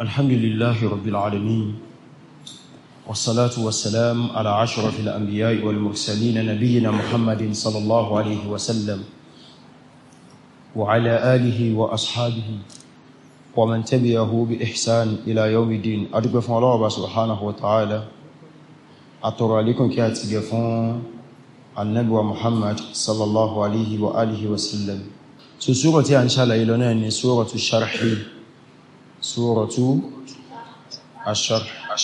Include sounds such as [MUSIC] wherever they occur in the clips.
الحمد لله رب العالمين والصلاة والسلام على أشرف الأنبياء والمرسلين نبينا محمد صلى الله عليه وسلم وعلى آله وأصحابه ومن تبعه بإحسان إلى يوم الدين أدوك فún الله سبحانه وتعالى أترى لكم كي أتجفون النبي محمد صلى الله عليه وآله وسلم سورة إن شاء الله إلى سورة الشرح سورة الشرح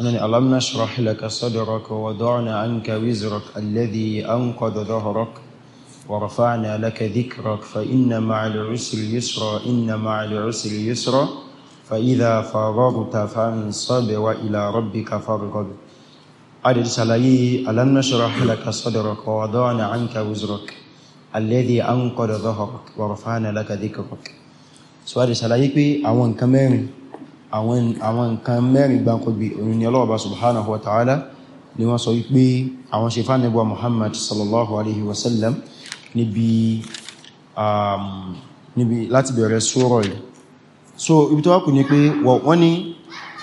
أنني ألم نشرح لك صدرك وضعنا عنك وزرك الذي أنقذ ظهرك ورفعنا لك ذكرك فإن مع العسر يسرا إن مع العسر يسرا فإذا فرغت فانصب وإلى ربك فارغب عدد سلاي ألم نشرح لك صدرك ووضعنا عنك وزرك الذي أنقذ ظهرك ورفعنا لك ذكرك sọ́wádìí ṣàlàyé pé àwọn nǹkan mẹ́rin àwọn nǹkan mẹ́rin gbáǹkọ́gbé òun ni ọlọ́ọ̀bá subhanahu wa ta'ala ni wọ́n sọ wípé àwọn ṣe fánà ibwa muhammad sallallahu alaihi wasallam um, níbi láti bẹ̀rẹ̀ sọ́rọ̀ so ibi tó wá kù ní pé wọ́n ni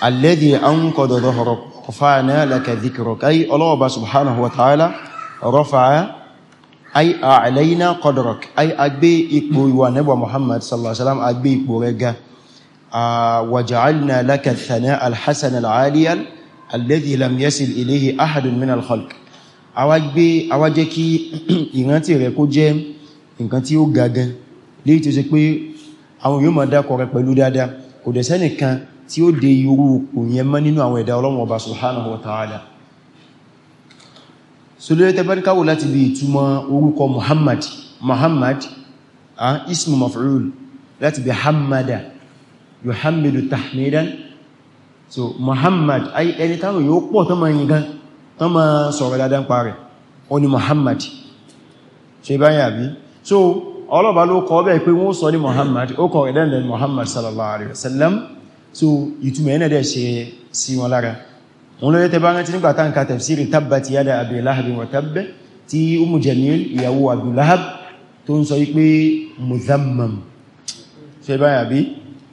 alladhi anqadha dhahraka rafa'na laka dhikraka ay àìlẹ́yìnà kọdọ̀rọ̀k ay agbé ipò ìwà nẹ́bà muhammad sallallahu alaihi wasallam agbé ipò rẹ̀ ga wàjáàlìna lákàtàná alhassan al'adiyal alladhi lam yasil ilayhi ahadun min alkhalq awá jẹ́ kí [CLEARS THROAT] ìrántí rẹ̀ kó jẹ́ nǹkan tí ó gagan léyìí tó ṣe pé àwọn yóò máa dákọ̀ rẹ̀ pẹ̀lú dáadáa kò dẹ̀ sẹ́nìkan tí ó de irú òkú yẹn mọ́ nínú àwọn ẹ̀dá ọlọ́run ọba subhanahu wa ta'ala so lórí tẹbáríkáwò láti bí ìtumọ̀ orúkọ muhammad muhammad ismu maf'ul láti bí hamada yuhammidu tahmidan so muhammad ẹni táwọn yóò pọ̀ tán ma yin gan tán sọ̀rọ̀ dáadáa pa o ni muhammad ṣe báyà bí so ọlọ́bàá ló kọ́ bẹ́ẹ̀ pé wọ́n sọ ní muhammad ó kọ̀ rẹ̀ muhammad sallallahu alaihi wasallam so ìtumọ̀ ẹ̀nà dẹ̀ ṣe sí wọn lára wọn lóyẹ́ tẹbá rántí nígbà tá ń ka tafsiri tabbat yada abi lahabin wa tabb tí umu jamil ìyàwó abi lahab tó ń sọ wípé muzammam ṣe báyà bí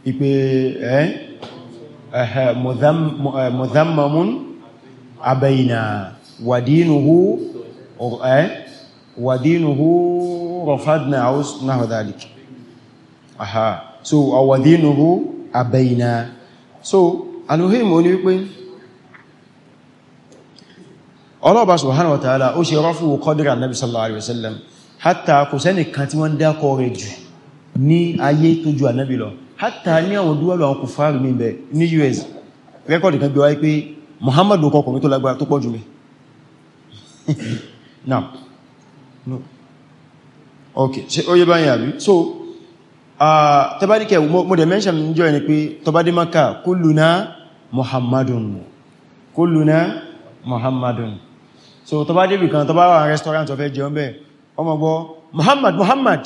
wípé ẹ́ muzammamun abayna wadinuhu ẹ́ eh, wadinuhu rafadna aus náà so wadinuhu ọlọ́ọ̀bá subhanahu wa ta'ala ó ṣe rọ́fù kọ́dìrà nabi sallallahu alaihi wasallam hatta kò sẹ́nì kan tí wọ́n dákọ̀ rẹ̀ jù ní ayé tó ju ànábì lọ hatta ní àwọn dúwọ́lù àwọn kò fàárì mi bẹ̀ ní US rẹ́kọ̀dì kan bí pé Muhammad ló [LAUGHS] no okay so tẹbádìkẹ̀ mo dẹ̀ mention níjọ́ ẹni pé tọbádì maka kulluna Muhammadun kulluna Muhammadun so tó bá débì kan tó bá wà restaurant ọ̀fẹ́ jẹun bẹ́ẹ̀ ọmọ gbọ́ Muhammad Muhammad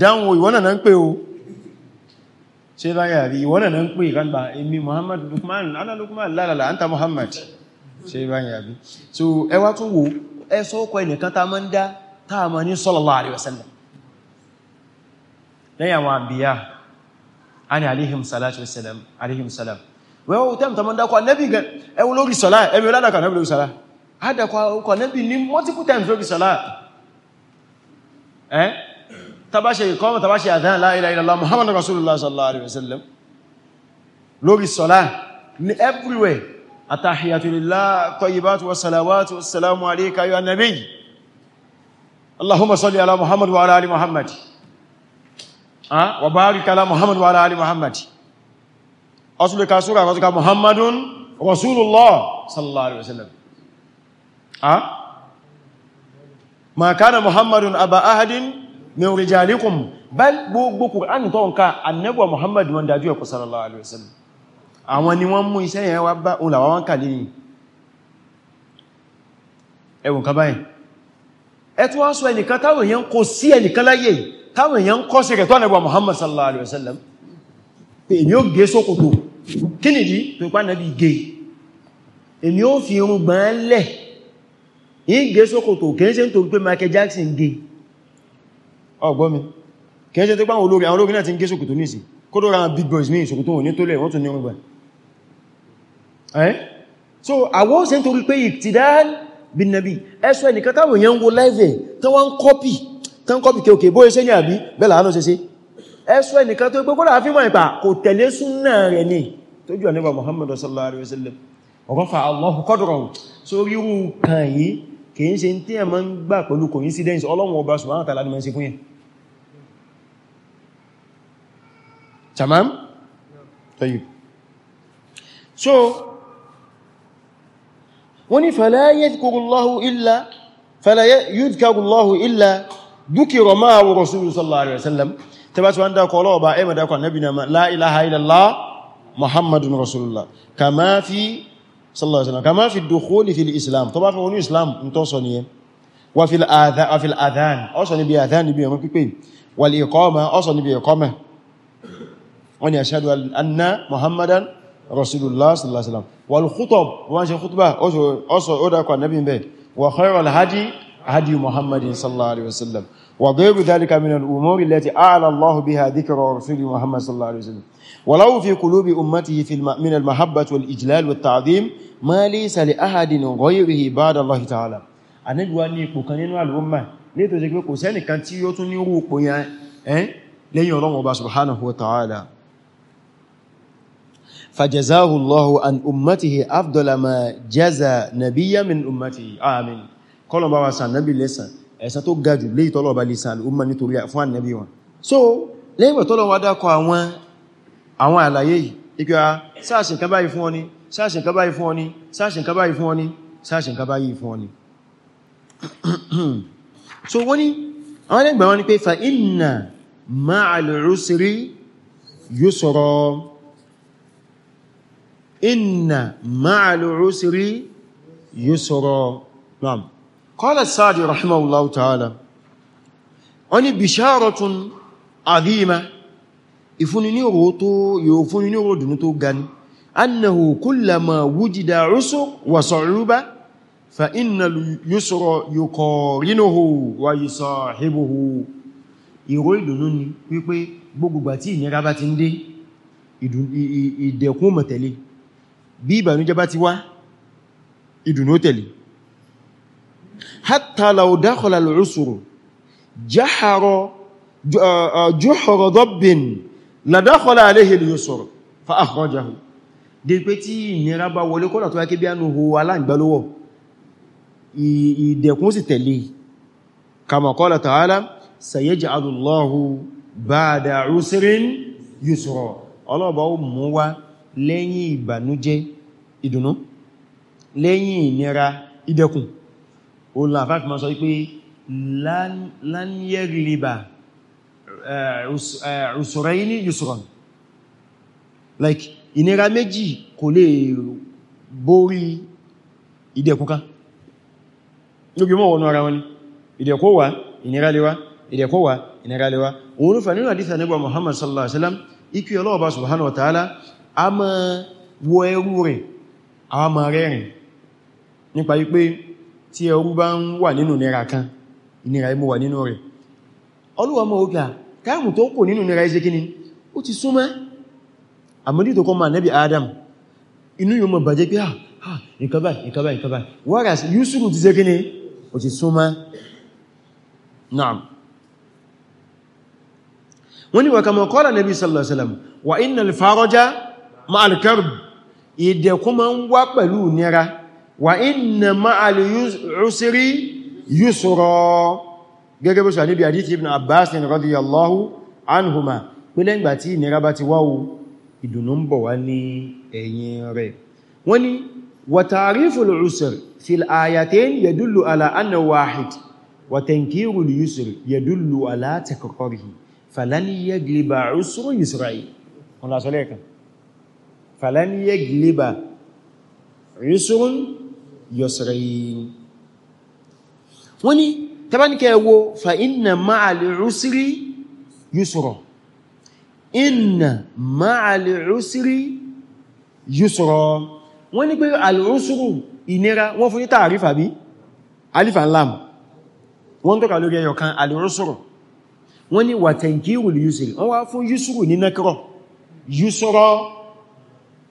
dáhùn ìwọ́nà náà ń pè o ṣe báyà rí ìwọ́nà náà ń pè ìkànbà èmi Muhammad Lukman ana Lukman lálàlà anta Muhammad ṣe báyà rí so ẹ wá tún wo ẹ sọ ọkọ̀ ẹnìkan ta mọ́ ń dá ta mọ́ ní sallallahu alaihi wasallam lẹ́yìn àwọn àbíyà ani alaihim salatu wasalam alaihim salam wẹ́wọ́ tẹ́mù ta mọ́ ń dákọ̀ ẹwọ́ lórí sọ́lá ẹmí ọlọ́dàkọ̀ ẹmí lórí sọ́lá àdàkọ̀ ọkọ̀ nẹ́bì ní multiple times lórí sọ́lá ẹ́ tàbá ṣe ìkọ́mọ̀ tàbá ṣe àdán la ilaha illallah muhammadu rasulullah sallallahu alaihi wasallam lórí sọ́lá ní everywhere atahiyatu lillah tayyibatu wasalawatu wasalamu alayka ayyuhan nabiy allahumma salli ala muhammad wa ala ali muhammad wa barik ala muhammad wa ala ali muhammad ọsùlẹ̀ kasúra kọsùka ma kana muhammadun aba ahadin min rijalikum bal gbogbo qur'an tó nka annabi muhammad wọ́n dájú eko sallallahu alaihi wasallam àwọn ni wọ́n mú iṣẹ́ yẹn wá bá o la wa kan ni ẹ wọ́n ka báyìí ẹ tú wá sọ ẹnìkan táwọn yẹn kò sí ẹnìkan láyé táwọn yẹn kò sí ke tó annabi muhammad sallallahu alaihi wasallam pé èmi ó gé ṣòkòtò kíni di pé pa nabi gé èmi ó fi irùngbọ̀n lé ìgbé sókòtò kìí ṣe ń tó gbé Michael Jackson gé ọgbọ́mi kìí ṣe tó pàwọn olórí àwọn olórí náà ti ń gé ní ìsìn kó tó ra big boys ní ìsòkòtò òní tó lẹ̀ wọ́n tún ní ọgbà so àwọ́ ṣe ń torí pé ìtìdáàl bin nabi ẹsọ ẹnìkan táwọn èèyàn ń wo live tó wọ́n ń kọ́pì tó ń kọ́pì kéòkè bóyẹ ṣe ní àbí bẹ́ẹ̀ láàánú ṣe pé kó láàá àníbà Muhammad sallallahu alaihi wasallam ọ̀gọ́fà Allahu qadruhu so ríru kan yìí kìí ṣe tí ẹ ma ń gbà pẹ̀lú coincidence ọlọ́run ọba subhanahu wa ta'ala ni ma ń ṣe fún yẹn tamam tayyib so wọ́n ni fala yadhkurullahu illa fala yadhkurullahu illa dhukira ma'ahu rasulullah sallallahu alaihi sallallahu alaihi wasallam kama fi dukhuli fil islam tó bá fẹ́ wọnú islam n tó sọ nìyẹn wa fil adhan wa fil adhan ó sọ níbi adhan níbi ọmọ pípé wal iqama ó sọ níbi iqama wọ́n ní ashhadu anna muhammadan rasulullah sallallahu alaihi wasallam wal khutab wọ́n ṣe khutba ó sọ ó dákọ̀ nabi bẹ́ẹ̀ wa khairul hadi hadi muhammadin sallallahu alaihi wasallam wa ghayru dhalika min al umuri ولو في قلوب أمته في من المحبة والإجلال والتعظيم ما ليس لأحد غيره بعد الله تعالى Ànábì wa ní ipò kan nínú àlùmọ́ ní tó jẹ́ pé kò sẹ́nì kan tí ó tún ní irú ipò yẹn lẹ́yìn Ọlọ́run ọba subhanahu wa ta'ala فجزاه الله عن أمته أفضل ما جزى نبيا من أمته آمين kọlọ̀ bá wa sàn nábi lẹ́sàn ẹ̀san tó gajù léyìí tọ́lọ̀ bá so lẹ́yìn tọ́lọ̀ wá dákọ̀ àwọn àwọn àlàyé yìí ipa sáàṣì nǹkan báyìí fún ọni sáàṣì nǹkan báyìí fún ọni sáàṣì nǹkan báyìí fún ọni sáàṣì nǹkan báyìí fún ọni [CLEARS THROAT] so wọ́n ni àwọn ẹgbẹ̀ wọn ni pé fa inna ma'al usri yusra inna ma'al usri yusra naam qala as-Sa'di rahimahullahu ta'ala wọ́n ni bisharatun azima ìfúnni ní ọ̀rọ̀ tó yóò fúnni ní ọ̀rọ̀ dùnú tó gani annahu kullama wujida rusu wa sa'ruba fa inna yusra yuqarinuhu wa yusahibuhu ìró ìdùnú ni wípé gbogbogbà tí ìnira bá ti ń dé ìdẹ̀kún mọ̀tẹ̀lé bí ìbànújẹ́ bá ti wá ìdùnú tẹ̀lé hatta law dakhala al-usru jahara juhra dabbin làdákọ́lá aléhèlú yóò sọ̀rọ̀ fa'akọ́jáhù dé pé tí ìnira bá wọlé kọ́lá tó wáké bí ánú ho aláìgbálówọ̀ ìdẹ̀kún sì tẹ̀lé e. kama kọ́lá ta'ala sayaj'alu Allahu ba'da usrin yusra ọlọ́ọ̀bá ó mú wá lẹ́yìn ìbànújẹ́ ìdùnnú lẹ́yìn ìnira ìdẹ̀kún ó láfáàfí ọ̀sọ̀rẹ́yìn euh, euh, ní yusuran like ìnira méjì kò lè borí ìdẹ̀kúká lóbi mọ́ wọnú ara wọn ni ìdẹ̀kówà ìnira lè wá ìdẹ̀kówà ìnira lè òun sallallahu alaihi wasallam ikú ọlọ́ọ̀bá a ma nira kan táàmù tó kò nínú nira iṣẹ́ kíni ó ti súnmọ́ àmúdí tó kọ́ ma nẹ́bí adam inú yóò mọ̀ bàjẹ́ pé ah, ah nǹkan báyìí nǹkan báyìí nǹkan báyìí whereas Yusufu ti ṣe kíni ó ti súnmọ́ naam wọ́n ni gẹ́gẹ́ bó ṣe níbi àdíkì ibn abbas ní radiyallahu anhuma pé lẹ́gbà tí ìnira bá ti wáwo ìdùnnú ń bọ̀ wá ní ẹ̀yìn rẹ̀ wọ́n ni wa ta'riful usr fil ayatain yadullu ala anna wahid wa tankirul yusr yadullu ala takrarihi tẹ́bánikẹ́ wo fa inna ma'al usri yusra inna ma'al usri yusra wọ́n ní pé al-usru ìnira wọ́n fún ní tààrífà bí alif and lam wọ́n tọ́ka lórí ẹyọ kan al-usru wọ́n ní wà tankiru al-yusri wọ́n wá fún yusru ní nakra yusra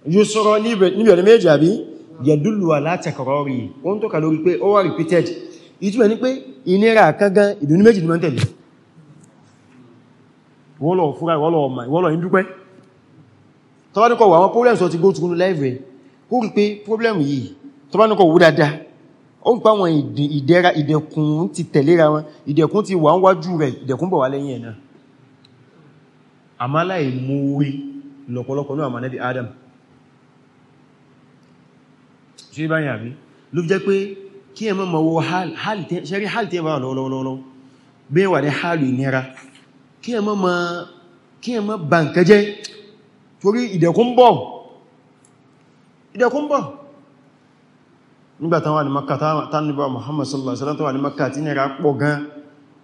yusra níbẹ̀ méjì àbí yadullu ala takrari wọ́n tọ́ka lórí pé ó wà repeated ìtumọ̀ ní pé ìnira kangan ìdùnnú méjì ni mọ́ tẹ̀lé wọ́lọ̀ fúra ìwọ́lọ̀ ọmọ ìwọ́lọ̀ ìdúpẹ́ tọ́bánikọ̀ wà àwọn problems ọ ti go through life rẹ̀ ó rí pé problem yìí tọ́bánikọ̀ wú dáadáa ó Adam ṣe báyìí àbí ló kí ẹ mọ́ mọ́wọ́ ṣẹ́rí hálì tẹ́ bá lọ́lọ́lọ́lọ́ bẹ́wà ní hálì ìnira kí ẹ mọ́ bà ń kẹjẹ́ torí ìdẹ̀kún bọ̀ ìdẹ̀kún bọ̀ nígbàtán wà ní Makka tánibà Muhammad sallallahu alaihi wasallam wà ní Makka tí nira pọ̀ gan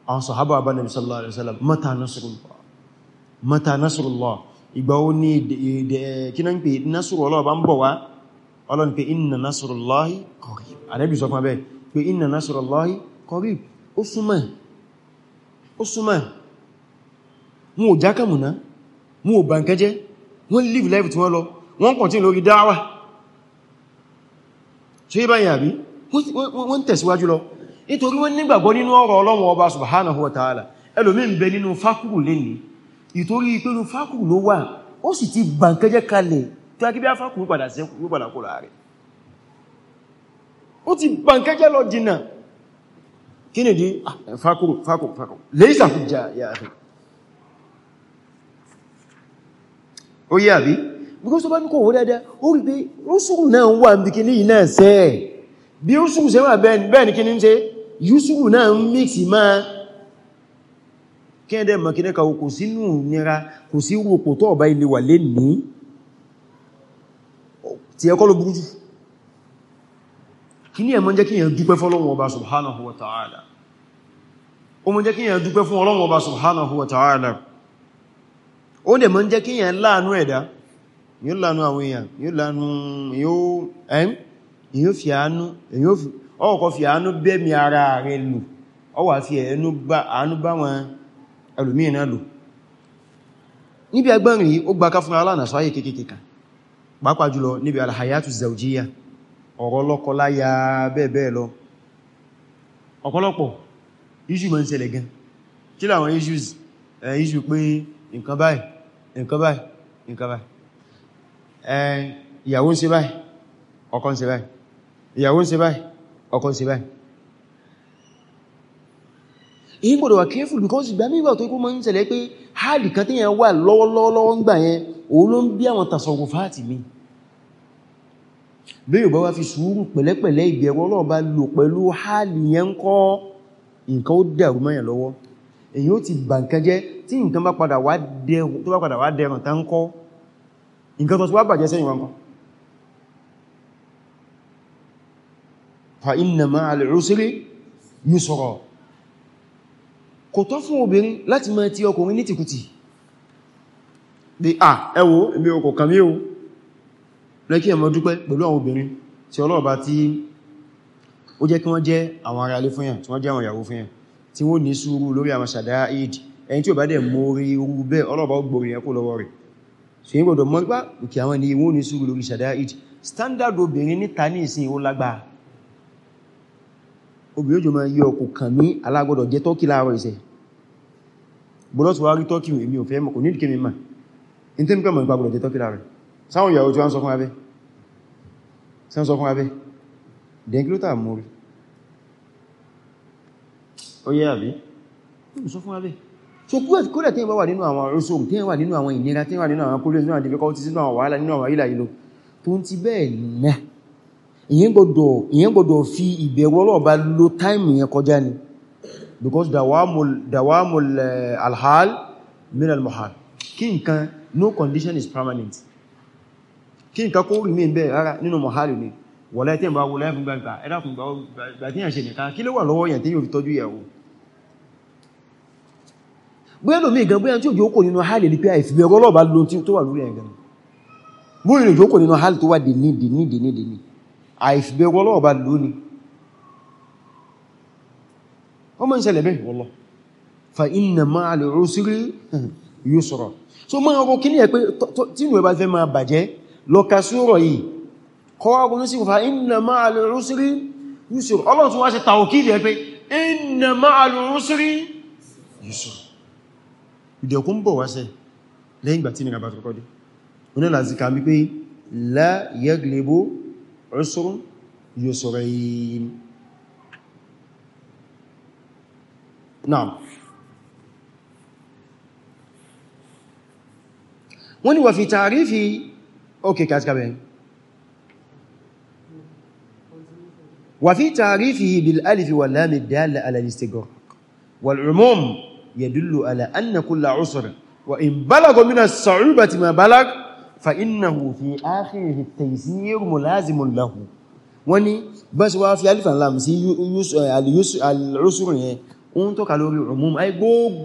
àwọn sọ̀hábà bá Nabi sallallahu alaihi wasallam mata nasrullah mata nasrullah ìgbà ó ní kí náà ń pè nasrullah bá ń bọ̀ wá ọlọ́run pé inna nasrullahi qarib ànábì sọ fún abẹ́ pé inna nasrullahi qarib ó súnmọ́ ó súnmọ́ wọn ò jákàmùná wọn ò bànkẹ́jẹ́ wọ́n live life tí wọ́n lọ wọ́n continue lórí dáwà ṣe é báyìí àbí wọ́n tẹ̀síwájú lọ nítorí wọ́n nígbàgbọ́ nínú ọ̀rọ̀ ọlọ́run ọba subhanahu wa ta'ala ẹlòmí ń bẹ nínú fákùrù lẹ́ni ìtorí pé fákùrù ló wà ó sì ti bànkẹ́jẹ́ kalẹ̀ tó yá kí bí a fákùn padà sẹ́kù ló padà kóra rẹ̀ ó ti bà ń kẹ́kẹ́ lọ dínà kí ni dí fákùn fákùn fákùn lẹ́yìn àfíjà yà rẹ̀ ó yà bí because ọba ní kò wó dáadáa ó rí pé rúsùrù náà wà ń bí kíní náà sẹ́ bí rúsùrù sẹ́ wà bẹ́ẹ̀ ni kí tí ẹkọ́ e ló burú jù kí ní ẹ̀mọ́ e jẹ́ kí èyàn dúpẹ́ fún Ọlọ́run Ọba subhanahu wa ta'ala ó mọ́ jẹ́ kí èyàn dúpẹ́ fún Ọlọ́run Ọba subhanahu wa ta'ala ó dẹ̀ mọ́ jẹ́ kí èyàn láàánú ẹ̀dá yóò láàánú àwọn èèyàn láàánú fi àánú ọkọ̀ fi àánú bẹ́mi ara rẹ̀ lù ọ wà fi àánú bá wọn lù níbi ó fún pàápàá jùlọ níbi alhayatu zaujiya ọ̀rọ̀ lọ́kọláya bẹ́ẹ̀bẹ́ẹ̀ lọ ọ̀pọ̀lọpọ̀ iṣu mọ́ ń ṣẹlẹ̀ gan kí láwọn issues pé nǹkan báyìí nǹkan báyìí nǹkan báyìí ìyàwó ń báyìí ń báyìí òun ló ń bí àwọn tasọ̀rọ̀fáàtì mi bí yóò bá wá fi sùúrù pẹ̀lẹ́pẹ̀lẹ́ ìbẹ̀rù Ọlọ́run bá lò pẹ̀lú hálì yẹn kọ́ nǹkan ó dẹ̀rù mẹ́yàn lọ́wọ́ èyí ó ti bà nǹkan jẹ́ tí nǹkan bá padà wá dẹ̀rùn tán kọ́ nǹkan wá fa inna ma'al usri yusra kò tọ́ fún obìnrin láti bí à ẹwọ ẹbí okò kàmí o lẹ́kí ẹmọ dúpẹ́ pẹ̀lú àwọn obìnrin tí ọlọ́ọ̀bá tí ó jẹ́ kí wọ́n jẹ́ àwọn ará ilé fún yàn tí wọ́n jẹ́ àwọn ìyàwó fún yàn tí wọ́n ní sùúrù lórí àwọn ṣàdáyà ìdí ẹni tí ó bá ni wọ́n ní sùúrù lórí ṣàdáyà ìdí standard obìnrin níta ní ìsìn ó lágbà obìnrin ó jọ máa yọ èmi ò fẹ́ mọ̀ kò ní ìdíkẹ́ mi máa in tí n kọ́ mọ̀ ìgbàgbọ́ jẹ́ tọ́kílá rẹ̀ sáwọn ìyàwó tí wọ́n sọ fún abẹ́ sọ fún abẹ́ dẹ̀nkílótà mórí ó yẹ́ àbí sọ fún abẹ́ so kúrẹ̀ tí wọ́n wà nínú àwọn orísun tí wọ́n wà nínú àwọn ìnira tí wọ́n wà nínú àwọn kúrẹ̀ nínú àwọn difficulties nínú àwọn wàhálà nínú àwọn ìlà ìlò tó ń ti bẹ́ẹ̀ nẹ́ ìyẹn gbọ́dọ̀ fi ìbẹ̀rù ọlọ́ọ̀bá lo táìmù yẹn kọjá ni because dawamul dawamul eh, alhal min almuhal kí nǹkan no condition is permanent kí nǹkan kó rí mìí bẹ́ẹ̀ rárá nínú mọ̀hálì ni wọ̀lẹ́ tí ìbá wọlẹ́ fún gbàgbà ẹ̀dàkùn gbà tí yàn ṣe nìkan kí ló wà lọ́wọ́ yàn tí yóò fi tọ́jú ìyàwó bóyá lómi ìgan bóyá tí ò jókò nínú hálì ní pé àìfìbẹ̀rọ ọlọ́ọ̀bá lóhun tí tó wà lórí ẹ̀gan bóyá lè jókò nínú hálì tó wà dè ní dè ní dè ní dè ní àìfìbẹ̀rọ ọlọ́ọ̀bá lóhun wọ́n mọ́ ń ṣẹlẹ̀ bẹ́ẹ̀ wọ́lọ́ fa inna ma'al usri yusra so ma ọkọ̀ kí ní ẹ̀ pé tínú ẹ bá fẹ́ máa bàjẹ́ lọ́ka súrọ̀ yìí kọwa gúnú sí fa inna ma'al usri yusr ọlọ́run tún wá ṣe tawkid ẹ pé inna ma'al usri yusr ìdẹ̀kún bọ̀ wá ṣẹ lẹ́yìn ìgbà tí nira bá tọ́kọ́ dé oní làzíkà mi pé la yaglibu usrun yusrayn Naam. wọ́n ni wà fi tàrífì ókè kàtàkàbẹ̀ wà fi tàrífì bil alifi wà lámì dáàlà alàlìstigọ́ wà l'umum yà dúllù ala anna kulla usr wa in balago mina sa'ubati ma balag fa innahu fi fi alifan lam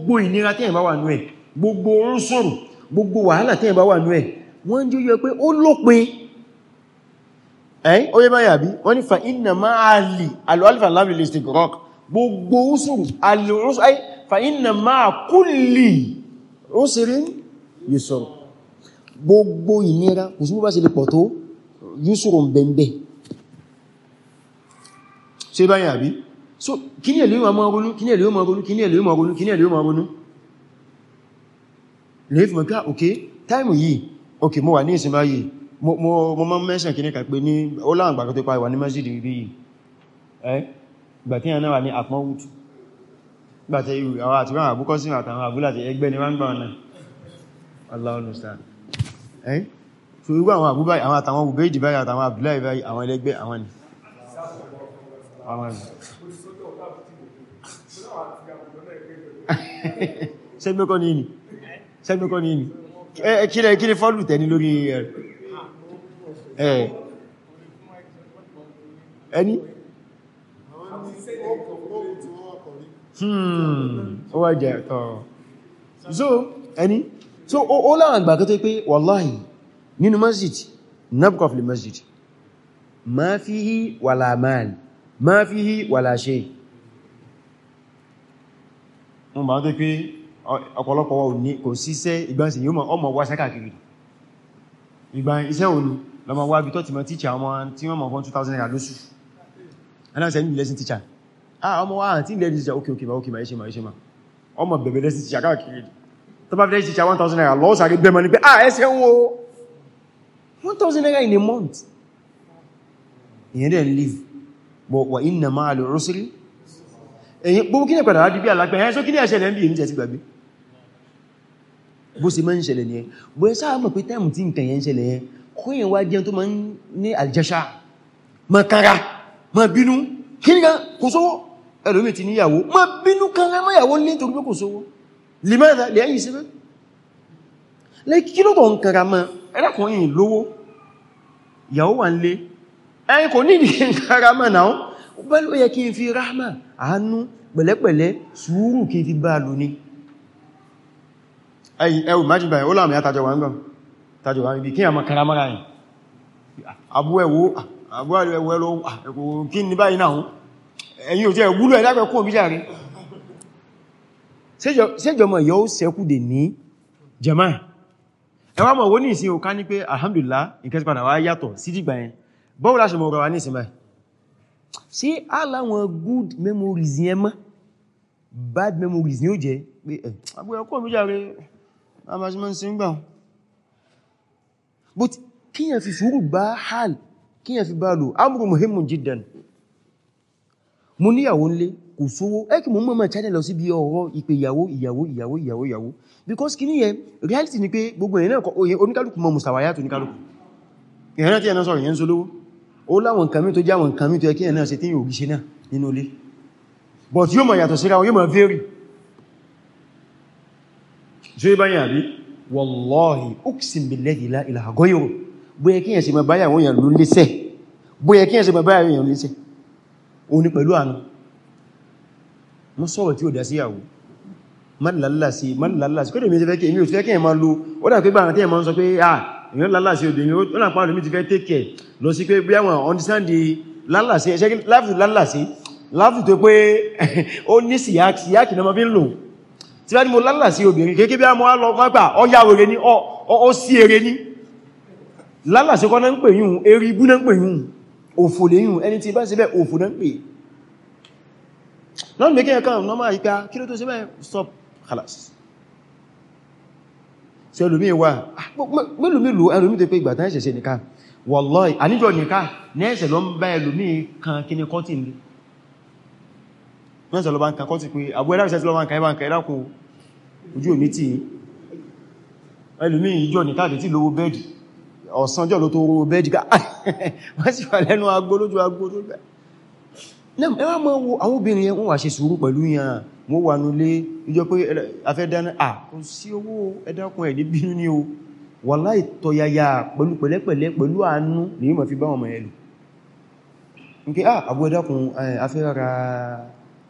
gbogbo ìnira gbogbo wàhálà tí ìbá wà ní ẹ̀ wọ́n jí yọ pé ó lópin ẹ̀yìn oye báyà bí wọ́n ní fa inna máa lì alùwálìfà lábìlì istigraq gbogbo usuru alùrúsù ay fa gbogbo ìnira kò sí bá lè fi wọ́n pé òkè ah, táìmù yìí òkè mo wà ní ìsinmi yìí mo mọ́ mẹ́sàn kì ní kàpé ní ó láwọn gbàkọ́ tó pàwà ní masjid ibi yìí eh, ẹ́ gbàtí yàn náà wà ní àpọ́wùd gbàtí ìrù àwọn àti ráhùn àbúkọ́ sí àtàwọn àbúlà àti ẹgbẹ́ ni wọ́n gbà ọ̀nà Allah understand ẹ́ eh, so irú àwọn àbúbá àwọn àtàwọn òbé ìdìbáyà àtàwọn àbúlà ìbáyì àwọn ẹlẹ́gbẹ́ àwọn ni sẹ́gbẹ́kọ́ ní ìní sẹ́gbẹ́ kọ́ ní ní ẹ̀kílẹ̀ kílẹ̀ fọ́lù tẹ́ni lórí ẹ̀ ẹni hmm, ó wà jẹ́ ẹ̀tọ́ so ẹni so ó láwọn àgbà kẹtọ́ pé wàláhì nínú masjid nabkof lè masjid ma fihi wala mal ma fihi wala shay wọ́n bá ń pé ọ̀pọ̀lọpọ̀ òní kò síṣẹ́ ìgbánsìn yíò ọmọ wá sákàkiri ìgbàn iṣẹ́ òní lọmọ wá bí tó ti mọ̀ tíṣà ọmọ tí wọ́n mọ̀ fún 2000 naira lóṣù aláṣẹ́ ní lesson teacher ah ọmọ wá àti ilẹ̀ teacher okay okay okay ma iṣẹ́ ma iṣẹ́ ma ọmọ bẹ̀bẹ̀ lesson teacher káàkiri tó bá fẹ́ teacher 1000 naira lọ́ sàrí bẹ́mọ̀ ní pé ah ẹsẹ̀ ń wo 1000 naira in a month ìyẹn dẹ̀ live but wà inna ma'al usri èyí gbogbo kí ní pẹ̀lú àdíbí alápẹ̀ ẹ̀ só kí ní ẹ̀ṣẹ̀lẹ̀ ń bí ìrìnjẹ̀ ti gbàgbé bó ṣe máa ń ṣẹlẹ̀ nìyẹn bó sáà mọ̀ pé táìmù tí nǹkan yẹn ń ṣẹlẹ̀ yẹn kóyìn wá jẹun tó máa ń ní àjẹṣà ma kára ma bínú kíníkà kò sówó ẹlòmí ti níyàwó ma bínú kára ma yàwó ní torí pé kò sówó limada lè ayì sí rahma àánú pẹ̀lẹ́pẹ̀lẹ́ sùúrù kí n fi ẹwù májì báyìí ó láàmì àtàjọ wà ń gan tàjọ wà ń bí kí a mọ̀ karamara yìí abú ẹwú abú ẹwú ẹlọ ẹkù kí ní báyìí náà ẹ̀yìn òjẹ́ ẹgbúlò ẹ̀dàgbẹ̀ kún òbí jàrí ṣéjọmọ̀ yóò sẹ́kù dè ní jẹmá alhamdulillah nǹkan ti padà wá yàtọ̀ sí dìgbà yẹn bọ́wọ́ láṣẹ mọ̀ ọ̀rọ̀ ní ìsinmi good memories bad memories ni ó jẹ́ pé ẹ̀ abúrẹ́kọ́ mi jàre àmà sí mọ́ sí ń gbà wọn but kíyàn fi sùúrù bá hàl kíyàn fi bá lò amúrù muhimmun jiddan mo níyàwó nlé kò sówó ẹ́kì mo mọ́mọ́ china lọ sí bí ọ̀rọ̀ ìpè ìyàwó ìyàwó ìyàwó ìyàwó ìyàwó because kí ní yẹ reality ni pé gbogbo ẹ̀yẹn náà oníkálùkù mọ mùsàwáyà tó níkálùkù ìyẹn náà tí ẹ̀nà sọ̀rọ̀ ìyẹn sólówó ó láwọn nǹkan mí tó jáwọn nǹkan mí tó ẹkí ẹ̀nà ṣe tí yóò gíṣẹ́ náà nínú ilé but yóò mọ̀ yàtọ̀ síra wọn yóò mọ̀ vary ṣe báyìí àbí wallahi uqsim billahi la ilaha ghayru bóyẹ kí ẹ̀sẹ̀ báyà wọ́n yàn ló lẹ́sẹ̀ bóyẹ kí ẹ̀sẹ̀ báyà wọ́n yàn ló lẹ́sẹ̀ o ní pẹ̀lú àánú mọ́ sọ̀rọ̀ tí ó dá síyàwó má lálàsí má lálàsí kọ́dọ̀ mi ti fẹ́ kí èmi ò fẹ́ kí ẹ̀ máa lo ó dà láàfù lálàsí láàfù tó pé [LAUGHS] ó ní síyáàkì náà máa fi ń lò tí bá ní mo lálà sí obìnrin kéèké bí a mọ́ lọ pápá ọya òre ní ọ sí eré ní lálà sí kọ́ náà ń pè yíò eré ibú náà ń pè yíò òfò lè yíò ẹni tí bá sí bẹ́ òfò náà ń pè náà mẹ́kẹ́ ẹ̀kan ọ̀nà máa yíká ah, kí ló tó sí bẹ́ stop halas sí ẹlòmí wà ah, mélòmílò ẹlòmí tó pé ìgbà tán ẹ̀ṣẹ̀ṣẹ̀ nìkan wallahi àníjọ nìkan ní ẹ̀ṣẹ̀ lọ ń bá ẹlòmí kan kíní kọ́tì ní mẹ́sàn lọ bá ń kan kọ́ ti pé àbú ẹ̀dá ìṣẹ́ tí lọ bá ń kan ẹbá ń kan ẹ̀dá kò ojú òní tí ẹlùmí ìjọ ní káàkiri tí lówó bẹ́ẹ̀dì ọ̀sánjọ́ ló tó rówó bẹ́ẹ̀dì ká [LAUGHS] wọ́n sì wà lẹ́nu agbó lójú agbó tó gbà ẹwà mọ́ wo àwọn obìnrin yẹn wọ́n wà ṣe sùúrù pẹ̀lú yàn wọ́n ni o wàláhì tọ̀yàyà nke ah àbú ẹ̀dákun afẹ́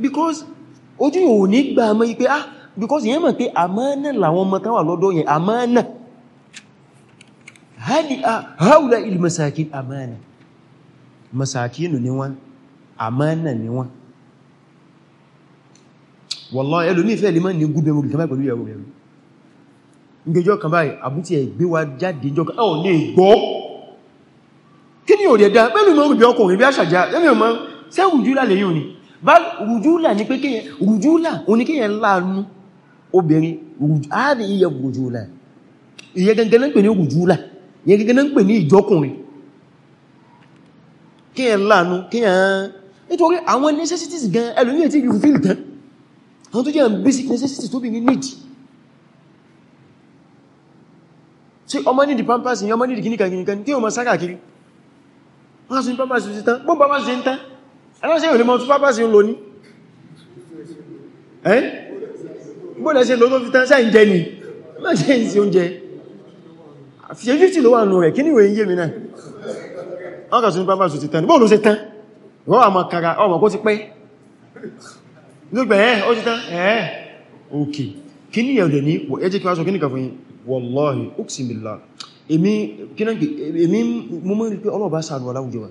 because ojú yìí ò ní gbà mọ́ ipé ah because yẹn mọ̀ pé àmánà làwọn ọmọ tán wà lọ́dọ̀ yẹn àmánà ah, haula il masakin àmánà masakinu ni wọ́n àmánà ni wọ́n wallahi ẹlòmí ìfẹ́ lè mọ́ ní gúbẹ̀ mọ́ kìkàmá pẹ̀lú ìyàwó rẹ̀ ìgbẹjọ́ kan báyìí àbútí ẹ̀ gbé wa jáde ìjọ kan ẹ̀ ò ní ìgbọ́ kí ni ò rẹ̀ dá pẹ́lú mọ́ rùbí ọkùnrin bí àṣàjá ẹ̀mí ọmọ sẹ́wùjú lálẹ́ bal rùjúlà ní pé kíyàn rùjúlà oníkíyàn láàánú obìnrin ààrẹ iye rùjúlà iye gangan ń pè ní rùjúlà iye gangan ń pè ní ìjọkùnrin kíyàn láàánú kíyàn nítorí àwọn necessities gan ẹlòmíyàn e tí fulfill tán àwọn tó jẹ́ basic necessities tó bí ní need tí ọmọ ní di pampers ni ọmọ ní di kìníkà kìníkà kí o ma sára kiri wọ́n sọ ní pampers ti tán gbọ́n pampers ti tán ẹlọ́ṣẹ́ ìlú mọ́ tún pápá sí ń lò ní ẹ́ bóòlẹ̀ ṣe lò tó fi tánṣẹ́ ìjẹ ni mẹ́ṣẹ́ ìsì oúnjẹ àfíṣẹ́ 50 ló wà nù rẹ̀ kí ní ìwé yé mi náà wọ́n kà sún pápá sí ti tán bóòlù sí tán wọ́n wà mọ̀ kàrà ọmọ kó ti pẹ́ lúgbẹ̀ ẹ́ ó ti tán ẹ́ òkè kí ní ẹ̀ọ̀dẹ̀ ní ẹ jẹ́ kí wá sọ kí ní kàfún yí wallahi uqsim billah èmi mú mú rí pé ọlọ́ọ̀bá sàrọ̀ aláwùjọ wa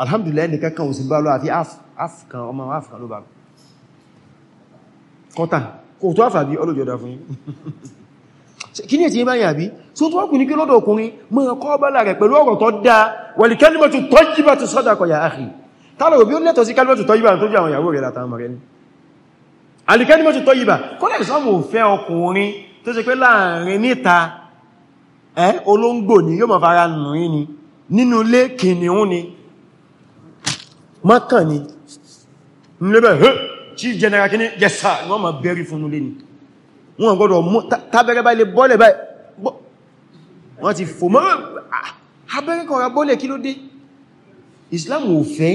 alhamdulillah ní kankan ò sí bá lọ àfi afghan ọmọ afghan ló bá kọta kò tó àfà bí ọlọ́jọ́dá fún yín kí ní ètì yẹ báyìí àbí tí ó tó wọ́pù ní kí lọ́dọ̀ ọkùnrin mọ́ ọkọ́ bọ́lá rẹ̀ pẹ̀lú ọ̀rọ̀ tó dá wal kalimatu tayyibatu sadaqa ya akhi tálọ̀ bí ó lẹ́tọ̀ sí kalimatu tayyiba tó jẹ́ àwọn ìyàwó rẹ̀ látàmọ̀ rẹ̀ ní al kalimatu tayyiba kọ́lẹ̀ ìsọ́mù fẹ́ ọkùnrin tó ṣe pé láàrin níta ẹ́ olóngbò ni mọ́kàn ni nílébẹ̀ hẹ́ chief general kìíní yẹsà wọ́n ma bẹ̀rí fún un lé ní wọ́n gbọ́dọ̀ tábẹ̀rẹ̀ báyìí bọ́lẹ̀ báyìí wọ́n ti fò mọ́ ah, abẹ́rẹ́ kọ̀ọ̀rọ̀ bọ́lẹ̀ kí ló dé Islam ò fẹ́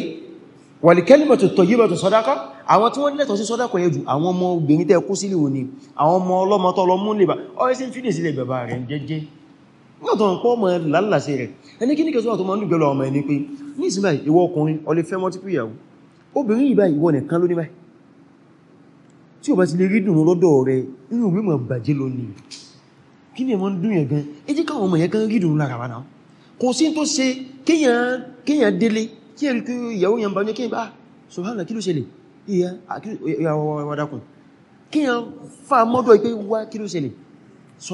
wàlìkẹ́lìmọ̀tò tọ̀yíbọ̀tò sọ́dákà àwọn tí wọ́n lẹ́tọ̀ sí sọ́dákà ẹjù àwọn ọmọ obìnrin tẹ́ kú sílẹ̀ òní àwọn ọmọ ọlọ́mọ tọ́lọ mú lè bá ọ́rẹ́sí fídè sílẹ̀ bàbá rẹ̀ nígbàtọ̀ ń pọ́ ọmọ lálàsí rẹ̀ ẹni kí ní kẹsùwà tó máa ń dùn gẹ́lọ ọmọ ẹni pé ní ìsinmi ìwọ ọkùnrin ó lè fẹ́ tí o bá ti lè rí dùn lọ́dọ̀ rẹ̀ inú mi bàjẹ́ lọ ní kí ni ẹmọ ń dùn yẹn gan ẹ jẹ́ káwọn ọmọ yẹn kan rí dùn lára wa náà kò sí tó ṣe kéèyàn délé kí ẹ̀rí kí ìyàwó yẹn bàjẹ́ kéèyàn bá sọ̀hánà kí ló ṣẹlẹ̀ ìyàwó wadakùn kéèyàn fà mọ́dọ̀ pé wá kí ló ṣẹlẹ̀ sọ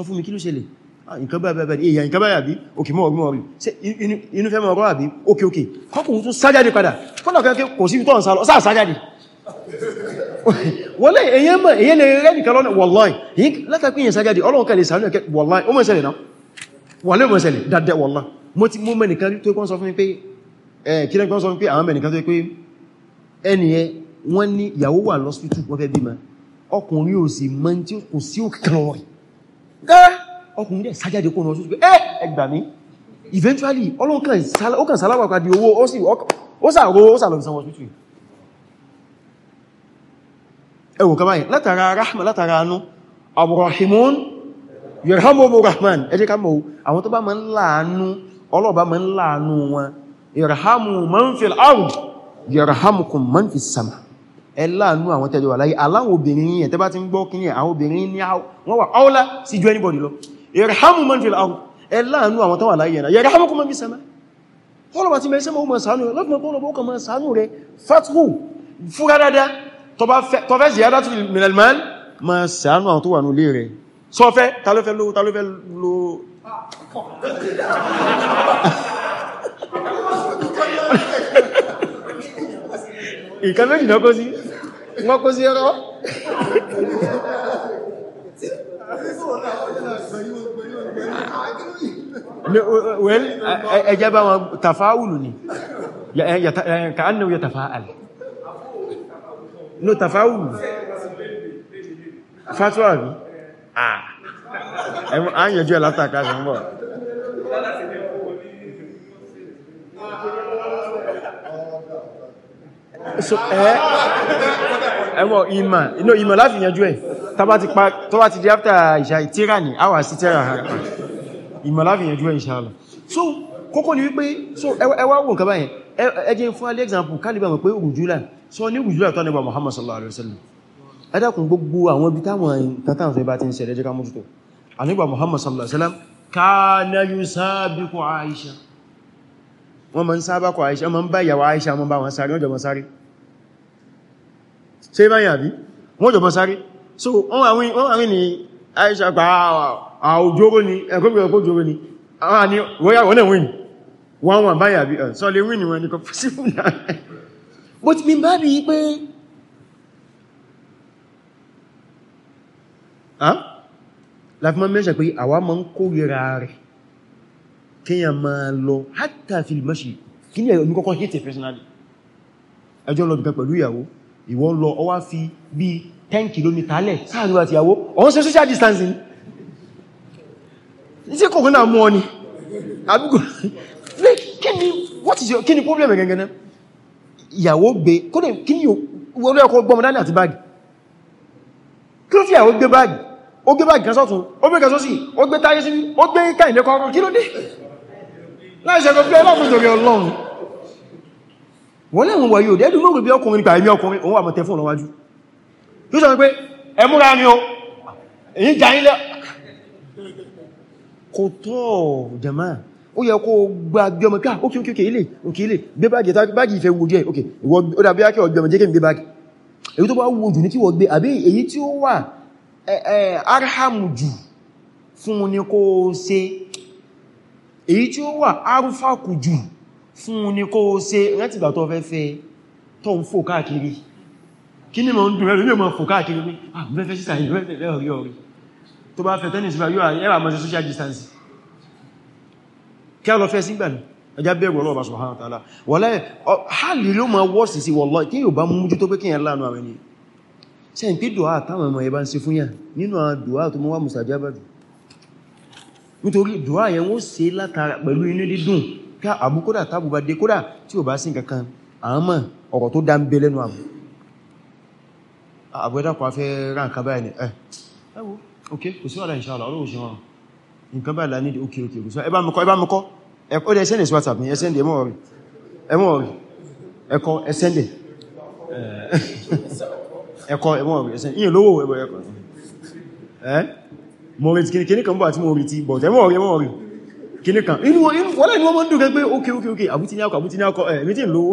Ah, nǹkan bẹ́ẹ̀bẹ́ẹ̀ èyàn nǹkan bẹ́ẹ̀ àbí òkè mọ́ ọgbọ́n rí inú fẹ́ mọ́ ọgbọ́n àbí òkè òkè kọkùn tún sájáde padà kọ́nà kẹ́kẹ́ kò sí tọ́ ìsàlọ́ sáà sájáde wọlé èyàn mọ̀ èyàn lè rẹ́ nìkan lọ́nà wallahi látàkíyàn sájáde ọlọ́run kẹ́lẹ̀ sàánú ẹ̀kẹ́ wallahi ó mọ́ ìṣẹ̀lẹ̀ náà wọlé mọ́ ìṣẹ̀lẹ̀ dáadáa wallahi mo ti mọ́ mẹ́nìkan tó kọ́ sọ fún mi pé kílẹ̀ kọ́ sọ fún pé àwọn mẹ́nìkan tó pé ẹni ẹ wọ́n ní ìyàwó wà lọ́sítù wọ́n fẹ́ bímọ ọkùnrin ò sì mọ́ tí kò sí òkè kan lọ́wọ́ ọkùnrin dẹ̀ sájáde kó náà sóṣùgbé eh, ẹ mí eventually ọlọ́kàn sálábàpá di owó ó sì ọ̀rọ̀ ó sàlọ̀ ìsanwọ̀ hospital ẹwọ kama yìí látara rahma látara anú abúrọ̀hìmún yorhamobo rahman ẹjẹ́ ká mọ̀ àwọn tó bá ma ń láàánú ọlọ́ọ̀bá ma ń láàánú wọn yorhamu man fil ard yorhamukum man fis sama ẹ láàánú àwọn tẹ́jọ wà láyé aláwọ̀ obìnrin yẹn tẹ́ bá ti ń gbọ́ kí ní àwọn obìnrin ní wọ́n wà áwọ́lá sí ju anybody lọ irhamu man fil ard ẹ láàánú àwọn tó wà láyé na yarhamukum man bis sama ọlọ́wà tí mẹ́sẹ́ mọ́ sánú rẹ̀ lọ́tún ọgbọ́n ọkọ̀ mọ́ sánú rẹ̀ fathu fúra dada tó fẹ́ ziyada tó min al mal ma sánú àwọn tó wà nílé rẹ̀ sọfẹ́ talófẹ́ Uh, uh, well ẹjẹ́ bá wọn tafáwùlù ni kàánà yẹ tafáàlì no tafáwùlù fatuwa rí à ń yẹjú ẹ̀ látàkà sí mọ́ so eh ẹmọ ìmọ̀ inú ìmọ̀ láti yanjú ẹ̀ tó bá ti di after ìṣà ìtíra ní àwà sí tíra ìmọ̀láfin yẹn jú ẹ̀ so kókó ni wípé so ẹwà ogun kaba yẹn ẹjẹ́ fún alẹ́ example kálíbà mọ̀ pé rùjúlà so ní rùjúlà tó nígbà Muhammad sallallahu alaihi wasallam ẹdàkùn gbogbo àwọn ibi táwọn nǹkan táwọn fẹ́ bá Muhammad sallallahu alaihi wasallam kana yusabiqu Aisha wọ́n ma Aisha ma ń Aisha ma ń bá wọn sáré wọ́n jọ ma sáré so wọ́n àrin ni Aisha gbáà ah, àòjóró ni ẹgbẹ́gbẹ̀rẹ̀ kó ni àwọn ni wọ́n náà win wọ́n wọ́n báyà bí ẹ̀ sọ lè win wọn ni kò fún sí fún náà but mi bá rí pé láti mọ́ mẹ́ṣẹ̀ pé àwa mọ́ ń kórìíra rẹ̀ kíyàn máa lọ hátà fìlìmọ́ṣì kí ní ẹ̀yọ́ ní kọ́kọ́ hate personally ẹjọ́ lọ dùkẹ́ pẹ̀lú ìyàwó ìwọ lọ ọwá fi bí 10 kìlómítà lẹ̀ sáàríwá ti ìyàwó ọ̀hún ṣe social distancing ṣé kòkó náà mú ọ ni àbúkò kí ni problem gẹ́gẹ́ náà ìyàwó gbé kódé kí ni wọlé ọkọ̀ gbọmọ dání àti báàgì kí ló fi ìyàwó gbé báàgì ó gbé báàgì kan sọ́tún ó gbé kan sósì ó gbé táyé sí ó gbé káìlẹ́ kọ́kọ́ kí ló dé láìṣẹ́ tó fi ọlọ́run torí ọlọ́run wọ́n lẹ́wọ̀n wọ̀ yóò dẹ́dù mọ́rù bí ọkùnrin nípa ẹ̀mí ọkùnrin òun àmọ̀tẹ́ fún ọlọ́wájú yóò sọ pé ẹmúra ni o èyí jayín lẹ́ kò tọ́ jama ó yẹ kó gbàgbé ọmọ káà ókè ókè ilé òkè ilé gbé báàgì tàbí báàgì ìfẹ́ wo jẹ́ òkè ó dàbí ákẹ́ ọgbẹ̀mọ̀ jẹ́ kí n gbé báàgì èyí tó bá wo jù ní kí wọ́n gbé àbí èyí tí ó wà arhamu jù fún ní kó ṣe èyí tí ó wà arúfàkù jù fún ní kó ṣe rántí ìgbà tó fẹ́ fẹ́ tó ń fò káàkiri kí ni mo ń dùn ẹ̀rọ ní ah, mo fò tó bá fẹ́ tẹ́nì síbá yóò ẹwà mọ́ social distance kí a lọ fẹ́ sí gbàmí ẹjá bẹ̀rù ọlọ́ọ̀bá subhanahu wa ta'ala wọ́lẹ́ hálì ló ma wọ́sì sí wallahi tí yóò bá mú jù tó pé kíyàn láàánú àwọn ènìyàn ṣe n pé dùá táwọn ọmọ ẹbá ń ṣe fún yà nínú àwọn dùá tó mọ́ wà mustajaba jù nítorí dùá yẹn wọ́n ṣe látara pẹ̀lú inú dídùn ká àbú kódà ọ̀rọ̀ tó dá ń bẹ lẹ́nu àbú àbúẹ́dàpọ̀ afẹ́ ránkà báyìí ẹ̀ ẹ̀wọ̀ ok kò sí wàhálà inshallah ọlọ́run ṣe wọn nǹkan báyìí lánídì ok ok kò sí ẹbá mọ́kọ́ ẹbá mọ́kọ́ ó dẹ̀ sẹ́ndẹ̀ sí whatsapp ní ẹsẹ́ndẹ̀ ẹmọ́ ọ̀rẹ́ ẹmọ́ ọ̀rẹ́ ẹkọ́ ẹsẹ́ndẹ̀ ẹkọ́ ẹmọ́ ọ̀rẹ́ ẹsẹ́ndẹ̀ ìyẹn lówó ẹbọ̀ ẹkọ́ ẹ́ mọ̀rẹ̀ tí kìnnì kan bọ̀ àti mọ̀rẹ̀ tí bọ̀ ẹmọ́ ọ̀rẹ́ ẹmọ́ ọ̀rẹ́ kìnnì kan inú wọ́n lẹ́nu wọ́n mọ́ ń dùn pé ok ok ok àbútí ní akọ àbútí ní akọ ẹ̀mí tí ń lówó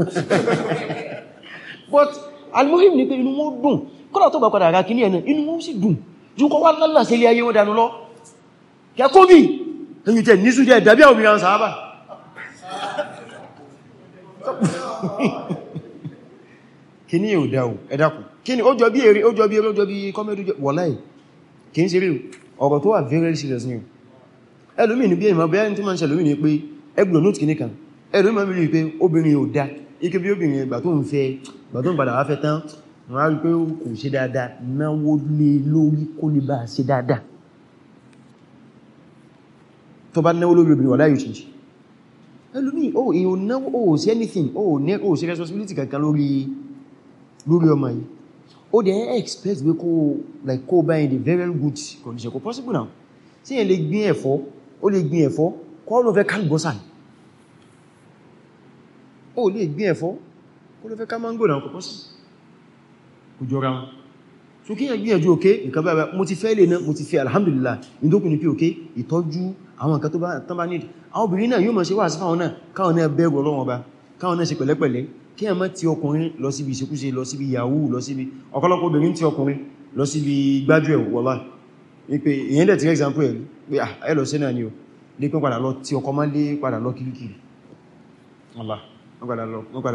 [LAUGHS] but almohim ni pé inú wọn dùn kọ́lọ̀ tó bá padà ra kìnnì ẹ̀nà inú wọn sì dùn jùkọ́ wá lọ́lọ́ sí ilé ayé wọn dànù lọ kẹ́kọ́ bí ẹ̀yìn tẹ̀ ní súnjẹ́ ìdàbí àwọn obìnrin sàábà kí ní ò dáun ẹ̀dàkù kí ní ó jọ bí eré ó jọ bí eré ó jọ bí kọ́mẹ́dù wọ̀láì kí ń ṣe rí ọ̀rọ̀ tó wà very serious ni ẹlòmí ní bí ẹ̀mọ̀ bẹ́ẹ̀ tí ma ń ṣe lómi ní pé ẹgbùn e nóòtù kìíní kan ẹlòmí ma ń rí pé obìnrin ò dá ike bí obìnrin ìgbà tó ń fẹ́ gbà tó ń padà wá fẹ́ tán wọ́n á rí pé kò ṣe dáadáa náwó lé lórí kó lè bá ṣe dáadáa tó bá náwó lórí obìnrin wà láyé òṣìṣì ẹlùmí o èyàn náwó o sí anything o ní o sí responsibility kankan lórí lórí ọmọ yìí ó dẹ̀ expect pé kó like kó bá in the very good condition kò possible now sí yẹn lè gbin ẹ̀fọ́ ó lè gbin ẹ̀fọ́ kọ́ ló fẹ́ kálùbọ́sà ó lè gbin ẹ̀fọ́ kó ló fẹ́ ká mángò náà kò possible kò jọra wọn so kí yẹn gbìyànjú òkè nǹkan bá mo ti fẹ́ lè náà mo ti fẹ́ alhamdulillah ìdókùn ní pé òkè ìtọ́jú àwọn nǹkan tó bá tán bá nìdí àwọn obìnrin náà yóò mọ̀ ṣe wà sí fáwọn náà káwọn náà bẹ̀rù Ọlọ́run Ọba káwọn náà ṣe pẹ̀lẹ́pẹ̀lẹ́ kí ẹ má ti ọkùnrin lọ síbi ìṣekúṣe lọ síbi yahoo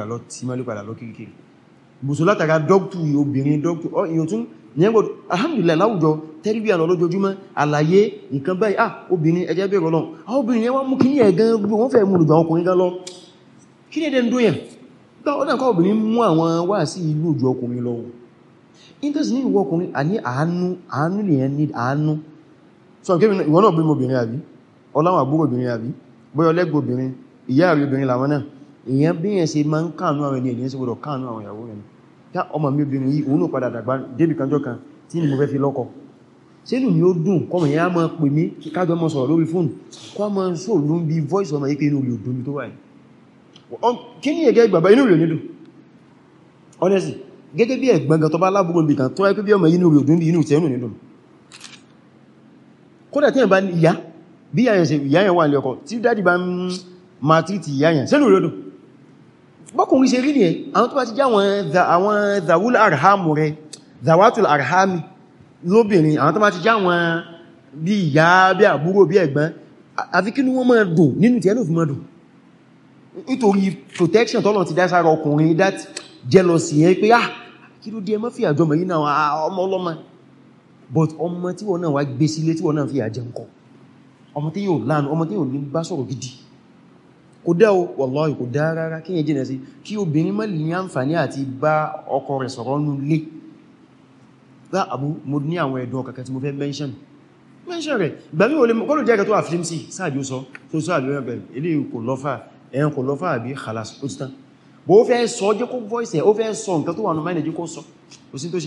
ah, o lé bùsù látara dọ́kù obìnrin dọ́kù ìyàn tún yẹngbọ́dù alhamdulillah láwùjọ tẹ́rìbíà lọ lójoojúmọ́ àlàyé nǹkan báyìí ah obìnrin ẹjẹ́ bẹ̀rọ lọ ah obìnrin yẹn wá mú kí ní ẹ̀gán gbogbo wọ́n fẹ́ mú lùgbà ọkùnrin gan lọ kí ní ẹ̀dẹ́n dóyàn gbá ọdún kọ́ obìnrin mú àwọn so kébì ìwọ náà bímọ obìnrin àbí ọláwọn àbúrò obìnrin àbí bóyá ọlẹ́gbò obìnrin ìyá àrí obìnrin làwọn náà ìyẹn bí yẹn ṣe máa ń káànú àwọn ènìyàn ṣe gbọdọ̀ káànú àwọn ìyàwó rẹ̀ ọmọ mi obìnrin yìí òun náà padà dàgbà débì kanjọ́ kan tí mo fẹ́ fi lọ́kọ sínú ni ó dùn kọmọ̀ yẹn a pè mí kájọ mọ́ sọ̀rọ̀ lórí fóònù kọ́ mọ́ ló ń bí voice ọmọ yìí pé inú olùdó mi tó wà ní honestly gẹ́gẹ́ bí ẹ̀gbọ́n tó bá lábúgbò bí kan tó wáyé pé bí ọmọ inú olùdó bí inú tẹ́ inú nídùn kódà tí ẹ̀bá ìyá bí ìyá yẹn wà ní ọkọ̀ tí dájì bá ń ma ìyá yẹn sẹ́nu rẹ̀ dùn bọ́kùnrin ṣe rí ní ẹ̀ àwọn tó bá ti já àwọn zawul arhamu rẹ̀ zawatul arhami lóbìnrin àwọn tó bá ti já wọn bí ìyá bí àbúrò bí ẹ̀gbọ́n àfi kí ní wọ́n máa dùn nínú tí ẹlòfin máa dùn nítorí protection tọ́lọ̀ ti dá sára ọkùnrin that jealousy yẹn pé ah kí ló dé ẹ má fi àjọ mẹ́yìn náà ọmọ ọlọ́mọ but ọmọ tí wọ́n náà wá gbé sílé tí wọ́n náà fi àjẹ nǹkan ọmọ tí yóò lánàá ọmọ tí yóò ní bá sọ̀rọ̀ gidi kò dá o wallahi kò dá rárá kí yẹn jìnà sí kí obìnrin má ní àǹfàní àti bá ọkọ rẹ̀ sọ̀rọ̀ nú lé bá àbú mo ní àwọn ẹ̀dùn ọkàkẹ́ tí mo fẹ́ mention mention rẹ̀ gbàmí olè kọ́lù jẹ́ ẹ̀kẹ́ tó àfilm sí sáàjú sọ voice ẹ̀ ó fẹ́ sọ nǹkan tó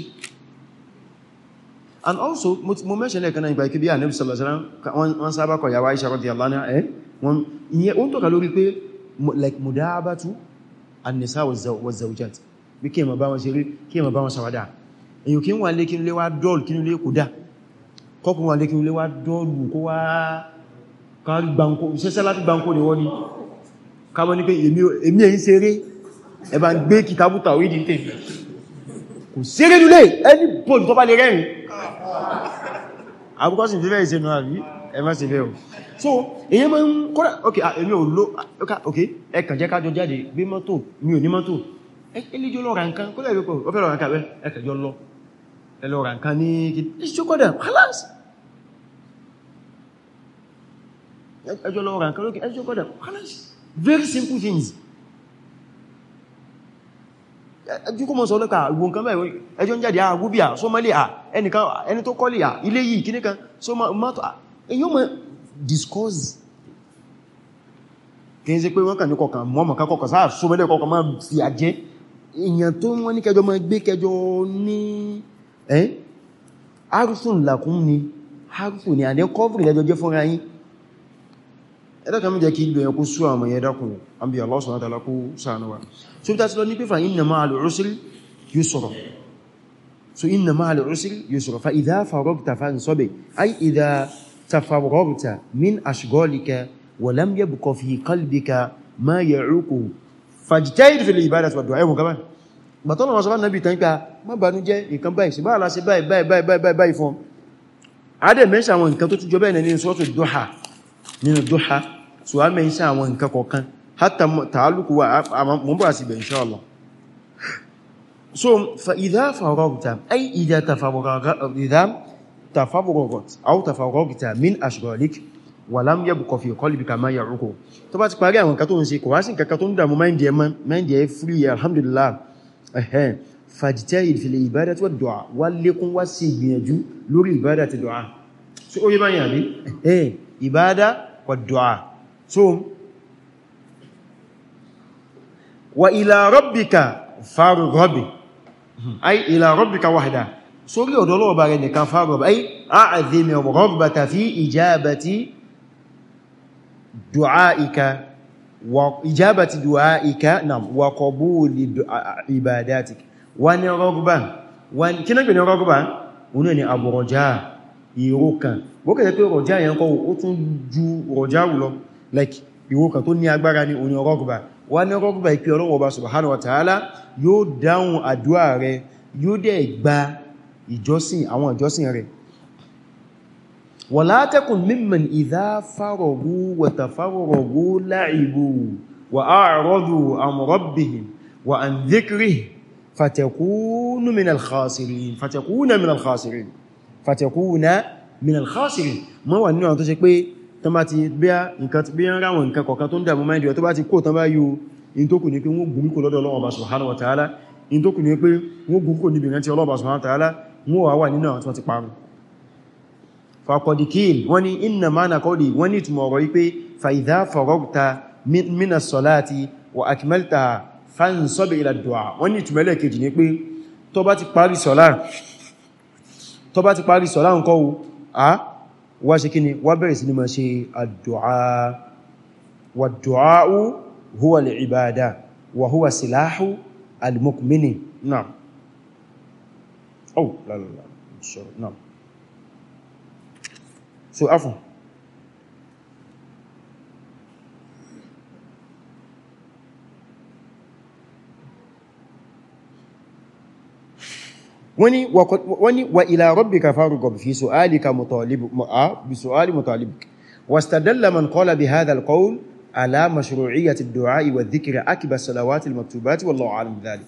and also mo mention ẹ̀kan náà ìgbà ìkébí ànẹ́bùsọ̀lọ̀sọ́lá wọn sábà kọ̀ yàwá Aisha radiyallahu anha wọn ìyẹn ó ń tọ́ka lórí pé like mudabatu an-nisa waz-zawjat bí kí ẹmọ̀ bá wọn ṣeré kí ẹmọ̀ bá wọn ṣàwádà èyàn kí wọ́n lé kí nílé wá dọ́ọ̀lù kí nílé kò dá kọ́kùn wọn lé kí nílé wá dọ́ọ̀lù kó wá kárí gbáǹkó ṣẹ́ṣẹ́ láti gbáǹkó ni wọ́n ni kámọ́ ní pé èmi èyí ṣeré ẹ̀bà ń gbé kìtàbù tàwídìí tèmi kò ṣeré nílé ẹni bọ́ọ̀lù tó bá lè rẹ́rìn-ín ẹmọ́ sí bẹ́ o so èyàn mọ́ ń kọ́rọ̀ ok èmi ò ló ok ẹkàn jẹ́ kájọ jáde gbé mọ́tò mi ò ní mọ́tò ẹlẹ́jọ́ lọ́ra nǹkan kọ́lẹ̀ ìlú pọ̀ ó fẹ́ lọ́ra nǹkan bẹ́ ẹkàjọ́ lọ ẹlọ́ra nǹkan ní ìṣókọ́dà halas ẹjọ́ lọ́ra nǹkan lókè ẹṣókọ́dà halas very simple things ẹjúkú mọ́ sọ lọ́kà ìwò nǹkan mẹ́rin ẹjọ́ ń jáde àgúbíà sómọ́lẹ̀ à ẹnìkan ẹni tó kọ́lẹ̀ à ilé yìí kíníkan sómọ́tò èyí ó mọ̀ discuss kìí ṣe pé wọ́n kàn ní kọkàn mọ́mọ̀ kakọkọ̀ sáà só mẹ́lẹ̀ kọkàn máa fi àjẹ́ èyàn tó wọ́n ní kẹjọ máa gbé kẹjọ ní ẹ́ harfun lakún ni harfun ni àdẹ́ kọ́fù ìlẹ́jọ jẹ́ fúnra yín ẹ̀dọ́kà mẹ́jẹ kí ìlú ẹ̀kú so bí ta sí fa inna ma'al usri yusra so inna ma'al usri yusra fa idha faragta fa fansab ay idha تفرغت من أشغالك ولم يبق في قلبك ما يعوقه فاجتهد في العبادة والدعاء كمان gbàtọ́nà wọn sọ fún nàbí tàbí má bànújẹ́ nǹkan báyìí sí báyìí láti báyìí báyìí báyìí báyìí fún adé mẹ́ṣà àwọn nǹkan tó tún jọ bẹ́ẹ̀ nínú sọ́tù dọ́ha nínú dọ́ha tó á mẹ́ṣà àwọn nǹkan kọ̀ọ̀kan hátà tààlùkù wà mọ́bà sí bẹ̀ inṣáàlá so fa idha faragta ay idha tafaragta tafarrogot aw tafarrogita min ashgolik walam yabqa fi qalbika ma ya'uqu tó bá ti parí àwọn kan tó ń ṣe kò wá sí nǹkan kan tó ń dààmú mind ẹ mọ́ mind ẹ free alhamdulillah ẹ̀hẹ́n fajtahid fil ibadati wad du'a wá lékún wá sí ìgbìyànjú lórí ìbádà ti wa ila rabbika farghab ay ila rabbika wahda sórí ọ̀dọ̀ ọlọ́ọ̀bá rẹ̀ nìkan fárọ̀bá ay a'adhimi rabbata fi ijabati du'aika wa ijabati du'aika nam wa qabuli ibadatik wa ni rọ́gbà kí náà gbẹ̀rẹ̀ rọ́gbà oní ni àbọ̀rọ̀já ìrókan bókẹ̀ pé rọ̀já yẹn ó tún ju rọ̀já like ìrókan tó ní agbára ní oní rọ́gbà wa ni rọ́gbà ìpẹ́ ọlọ́wọ̀ba subhanahu wa ta'ala yóò dáhùn àdúrà ìjọsìn àwọn ìjọsìn rẹ̀ wala takun mimman idha faragu wa tafarragu la'ibu wa a'radu an rabbihim wa an dhikrih fatakunu min al-khasirin fatakuna min al-khasirin fatakuna min al-khasirin mọ́ wà nínú àwọn tó ṣe pé tán bá ti bí á nǹkan bí á ráwọn nǹkan kọ̀ọ̀kan tó ń dàmú máìdíọ̀ tó bá wọ́n wà wà nínú àwọn tí wọ́n ti parun fàkọ̀dìkíl wọ́n ni inna ma na kọ́lì wọ́n ni ìtumọ̀ ọ̀rọ̀ wípé fàìdá fọ̀rọ̀ta mina sọ̀láti wa akimalta fánṣọ́bẹ̀ ila du'a wọ́n ni ìtumẹ̀lẹ̀ kejì ní pé tó bá ti parí sọ̀lá ń kọ́wọ́ a او لا لا لا الشرب نعم سو عفوا وني وني والى ربك فارغب في سؤالك مطالب آه، بسؤال مطالبك واستدل من قال بهذا القول على مشروعية الدعاء والذكر عقب الصلوات المكتوبات والله أعلم بذلك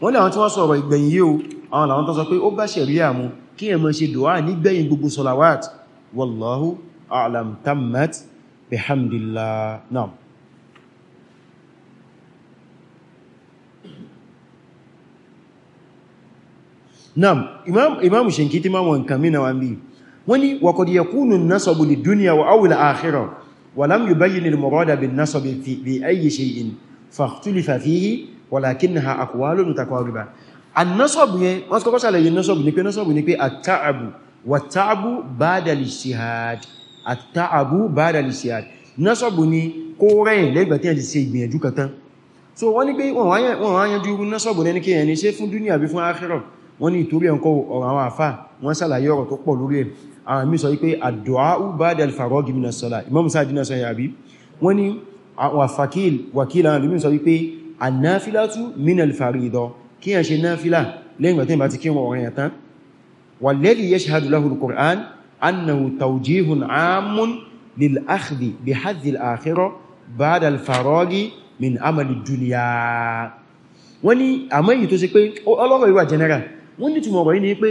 wọ́n láwọn tí wọ́n sọ̀rọ̀ ìgbẹ̀yìn yíò àwọn làwọn tó sọ pé ó bá ṣẹ̀ríà mu kí ẹ má ṣe dùá nígbẹ̀yìn gbogbo sọ̀làwàt wallahu a'lam tammat bihamdillah naam naam imamu ṣe kí tí máa wọn kàmínà wọn bí wọ́n ni ولم يبين المراد بالنصب في بأي شيء فاختلف فيه ولكنها أقوال متقاربة النصب هي ما سكوكو سالي النصب نكي نصب نكي التعب والتعب بعد الاجتهاد التعب بعد الاجتهاد نصب ni kó rẹ̀yìn lẹ́gbà tí a ti ṣe ìgbìyànjú kàtán so wọ́n ní pé wọ́n wá yanjú irú nọ́sọ̀bù ní kí ẹni ṣe fún dúníà bí fún ákírọ̀ wọ́n ní ìtorí ẹ̀kọ́ ọ̀rọ̀ àwọn àfà wọ́n sàlàyé ọ̀rọ̀ tó pọ̀ lórí ẹ̀ àwọn mí sọ wípé àdùáù bá dẹ̀ alfàrọ́gì mìnà sọ́lá imam sáà dínà sọ́yà àbí wọ́n ni wàfàkíl wàkílà lómi sọ wípé ànáfílátú mìnà alfàrídọ kí a ṣe náfílà lẹ́yìn gbàtẹ́ bá ti kí wọn ọ̀rẹ́yàn tán wàlẹ́dì wọ́n ni àmọ́ èyí tó ṣe pé ọlọ́rọ̀ ìwà general wọ́n ní túnmọ̀ ọ̀rọ̀ yìí ni pé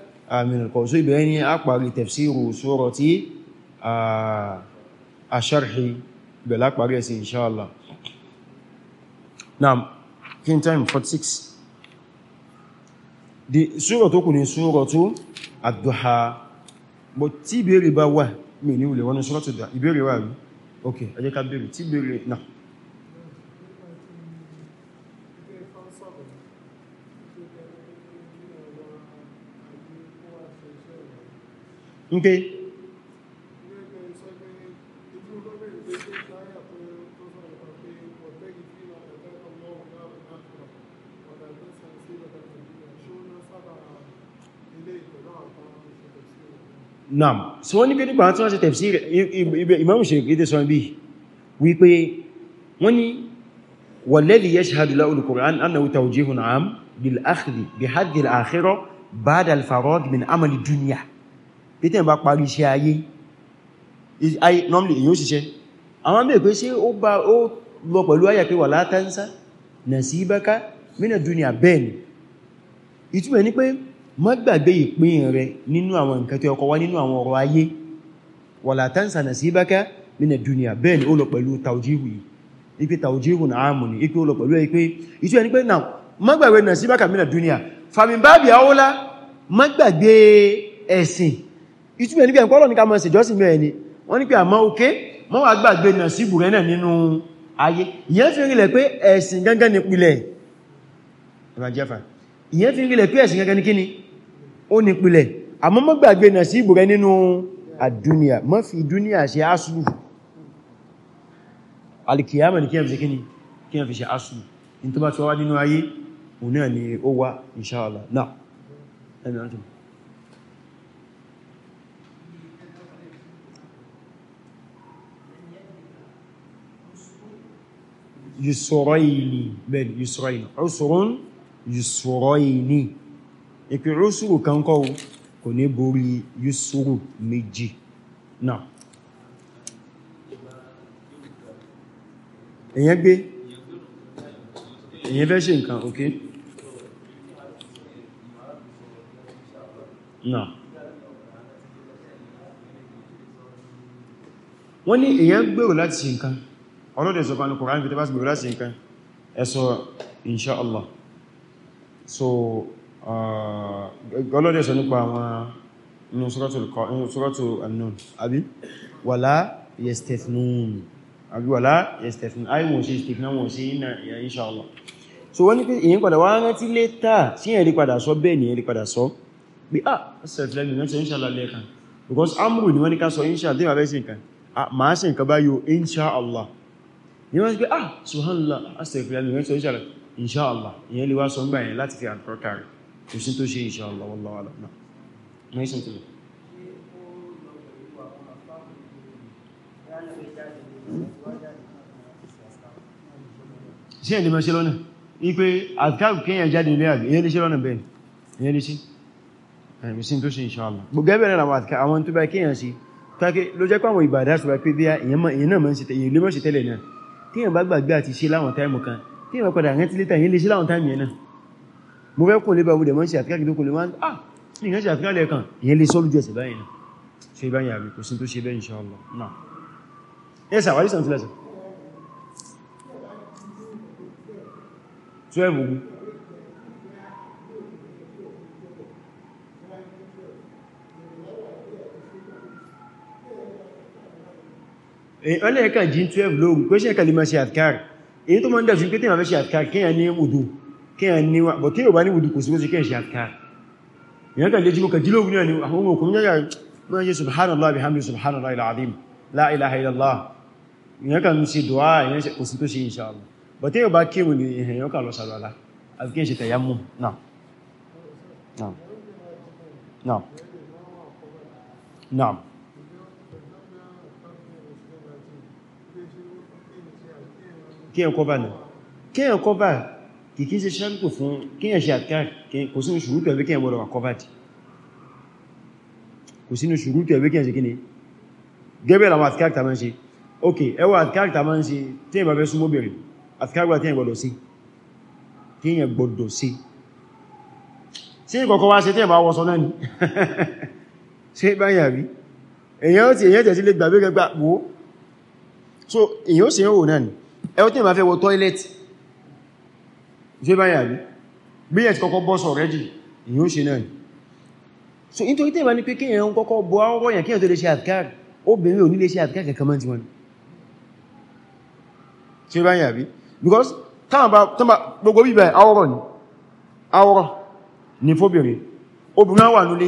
min al-qawl ìbẹ̀rẹ̀ ni a parí tafsiru surati ash-sharhi ibẹ̀ la parí ẹ̀sìn insha Allah naam kin time 46 di sura tó kù ni suratu ad-duha bó tí ìbéèrè bá wà mí ní wùlẹ̀ wọnú nke naam so wọ́n ní pé nígbà tí wọ́n ṣe tafsir Imam Shinqiti sọ bí wípé wọ́n ní walladhi yashhadu lahu al-Qur'an annahu tawjihun 'am bil-akhdhi bi haddi al-akhirah ba'da al-faragh min amali dunya pé tẹ́ bá parí iṣẹ́ ayé normally èyí ó ṣiṣẹ́ àwọn bèèrè pé ṣe ó bá ó lọ pẹ̀lú ayà pé wala tansa nasibaka mina dunya bẹ́ẹ̀ni ìtumọ̀ ní pé má gbàgbé ìpín rẹ nínú àwọn nǹkan tó ọkọ̀ wá nínú àwọn ọ̀rọ̀ ayé wala tansa nasibaka mina dunya bẹ́ẹ̀ni ó lọ pẹ̀lú tàujíhù yìí ipe tàujíhù na áàmù ni ipe ó lọ pẹ̀lú ipe ìtumọ̀ ní mina dunya famin babi aola má gbàgbé ìtumẹ̀ ní pé ẹ̀kọ́ lọ́nà ká mọ́ ìsẹ̀jọ́sìn mẹ́rin ni wọ́n ní pé àmọ́ òkè mọ́ wà gbàgbé nà sí ìbùrẹ́ náà nínú ayé ìyẹn fi rílẹ̀ pé ẹ̀sìn gangan ní pìlẹ̀ ìyẹn fi rílẹ̀ pé ẹ̀sìn gangan ní kíni ó ní pìlẹ̀ àmọ́ mọ́ gbàgbé nà sí ìbùrẹ́ nínú àdúnìyà mọ́ fi dúnìyà ṣe asùlù alìkìyàmà ní kíyàn fi kíni kíyàn fi ṣe asùlù in tó ni ó wá inṣáàlá náà ẹni rántí yusroini bẹ́ẹ̀ yusroini usurun yusroini ìpè usuru kan kọ́ kò ní borí yusuru méjì náà èyàn gbé èyàn fẹ́ ṣe nǹkan ok náà wọ́n ní èyàn gbèrò láti ṣe nǹkan ọlọ́dẹ̀ sọ fánà kòrán fìtẹ́ bá sì gbèrò láti nǹkan ẹsọ inṣáàlá so uh, ọlọ́dẹ̀ sọ nípa àwọn inú suratu annun àbí wala yastathnun àbí wala yastathnun ayi wọ́n sí stephen wọ́n sí inṣáàlá so wọ́n ní pé èyí padà wọ́n rántí létà sí ẹ̀rí padà sọ bẹ́ẹ̀ ni ẹ̀rí padà sọ pé ah ṣẹ̀fẹ́lẹ́gbẹ̀ náà sọ inṣáàlá lẹ́ẹ̀kan because amru ni wọ́n ní ká sọ inṣáàlá tí wà bẹ́ẹ̀ sí nǹkan ah, máa sí nǹkan báyìí inṣáàlá ní wọ́n pé ah subhanallah astaghfirullah ní wọ́n sọ inshallah ìyẹn lè wá sọ ńgbà yẹn láti fi àkọ́kàrí kò sí tó ṣe inshallah wallahu a'lam náà ní ìsìnkú sí ẹ̀lẹ́ mẹ́ṣẹ́ lọ́nà wípé àtàkù kíyàn jáde ilé àgbẹ̀ ìyẹn lè ṣe lọ́nà bẹ́ẹ̀ ìyẹn lè ṣe ẹ̀mí sí tó ṣe inshallah gbogbo ẹbẹ̀rẹ̀ àwọn tó bá kíyàn sí ló jẹ́ pàwọn ìbàdá pé bí i tí èyàn bá gbàgbé àti ṣe láwọn táìmù kan tí èyàn padà rántí létà yìí lè ṣe láwọn táìmù yẹn náà mo fẹ́ kùn lébà wùdẹ̀ mọ́ ṣe àfikà gidi kùn lè máa ah ní ìyàn ṣe àfikà lẹ́ẹ̀kan ìyẹn lè sọ́lú jẹ́sẹ̀ báyìí náà ṣe báyìí àbí kò sí tó ṣe bẹ́ẹ̀ inshallah náà yes àwárí sàn tí lẹ́sẹ̀ 12 Eh, ọlẹ́ẹ̀kan jí 12 lóòrùn pé ṣe kalima ṣe àtkar èyí tó máa ń dájú pé tí ma fẹ́ ṣe àtkar kíyàn ní wùdú kíyàn ní wà bọ̀ kí o bá ní wùdú kò sí kó sí kíyàn ṣe àtkar ìyàn kan lè jí kò kàjí lóòrùn náà ni àwọn òkùnrin yára máa yẹ subhanallah bihamdi subhanallah alazim la ilaha illallah ìyàn kan ṣe dùá ìyàn kò sí kíyàn kọ́bà náà kíyàn kọ́bà kìkí ṣe ṣẹ́rùkù fún kíyàn ṣe àkíyàn kò sínú ṣùrútù ẹ̀wé kíyàn gbọ́dọ̀ wà kọ́bà dì kò sínú ṣùrútù ẹ̀wé kíyàn ṣe kíni gẹ́bẹ̀rẹ̀ àwọn àtikárì tàbí ṣe ok ẹwà àtikárì tàbí ṣe tíyàn bá fẹ́ súnmọ́ bẹ̀rẹ̀ àtikárì wà tíyàn gbọ́dọ̀ sí tíyàn gbọ́dọ̀ sí sí ìkọ̀kọ́ wá ṣe tíyàn bá wọ́sọ náà ni [LAUGHS] ṣe báyà rí èyàn ó ti èyàn tẹ̀ sí lè gbàgbé gẹgbà wo so èyàn ó sì yàn wò náà ni ẹwọ́ tí ma fẹ́ wọ tọ́ílẹ̀tì ṣe báyìí àbí bíyẹ̀ tí kọ́kọ́ bọ́ sọ rẹ́jì ìyún ṣe náà so in tó ìtẹ́ ìbá ní pé kíyàn ń kọ́kọ́ bọ́ ọwọ́ yàn kíyàn tó lè ṣe àdkár obìnrin ò ní lè ṣe àdkár kẹkẹ mọ́ tí wọ́n ṣe báyìí àbí because gbogbo bíbẹ̀ awọ́rọ̀ ni awọ́rọ̀ ni fóbìnrin obìnrin wà nulé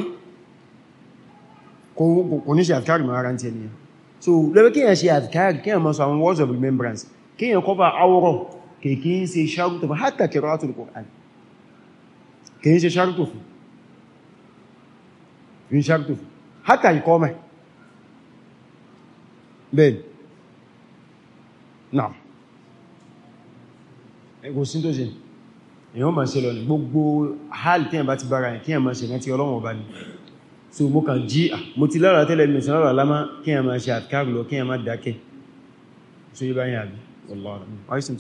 kò ní ṣe àdkár mọ́ ara ti ẹni so lẹ́wẹ́ kíyàn ṣe àdkár kíyàn mọ́ sọ àwọn words of remembrance kíyàn kọba awọ́rọ̀ kèkí ń ṣe ṣarútù fún hátà kìrọ átùlù Kùránì kìí ṣe ṣarútù fún kìí ṣarútù fún hátà ikọ́ mẹ́ bẹ́ẹ̀ náà ẹgbò sí tó ṣe èyàn ma ṣe lọ ní gbogbo hálì tí a bá ti bára ẹ̀ kí a ma ṣe rántí Ọlọ́run Ọba ni so mo kàn jí à mo ti lára tẹ́lẹ̀ mi sọ́rọ̀ alámá kí a ma ṣe àtkárù lọ kí a ma dákẹ́ so yí báyìí àbí والله عايز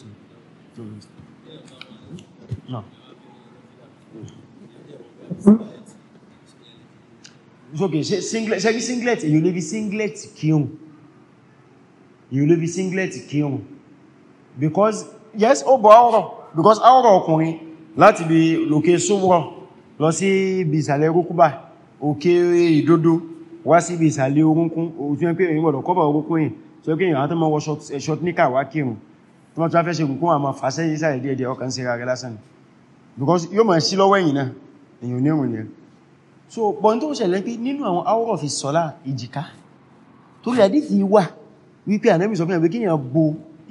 نعم ok ṣe singlet ṣe bí singlet èyí lè bí singlet kíhùn èyí lè bí singlet kíhùn because yes Oh bọ̀ ọ̀rọ̀ because ọ̀rọ̀ ọkùnrin láti bí lókè sówọ́ lọ sí ibi ìsàlẹ̀ rúkúbà òkè ìdodo wá sí ibi ìsàlẹ̀ orúnkún òtún ẹgbẹ̀rẹ̀ ìwọ̀dọ̀ kọ́bà orúnkún yìí tí ó kéyàn àtọ́ mọ́ wọ short eh, níkà wá kírùn tó mọ́ tó fẹ́ ṣe gùnkún àmọ́ fàṣẹ́ ìsáyẹ̀ díẹ̀ díẹ̀ because yóò máa sí lọ́wọ́ ẹ̀yìn náà so pọ̀n tó ṣẹlẹ̀ pé nínú àwọn awọ́rọ̀ fi sọ́lá ìjìká torí àdífì wà wípé ànẹ́bì sọ fún ẹ̀bẹ̀ kíyàn bo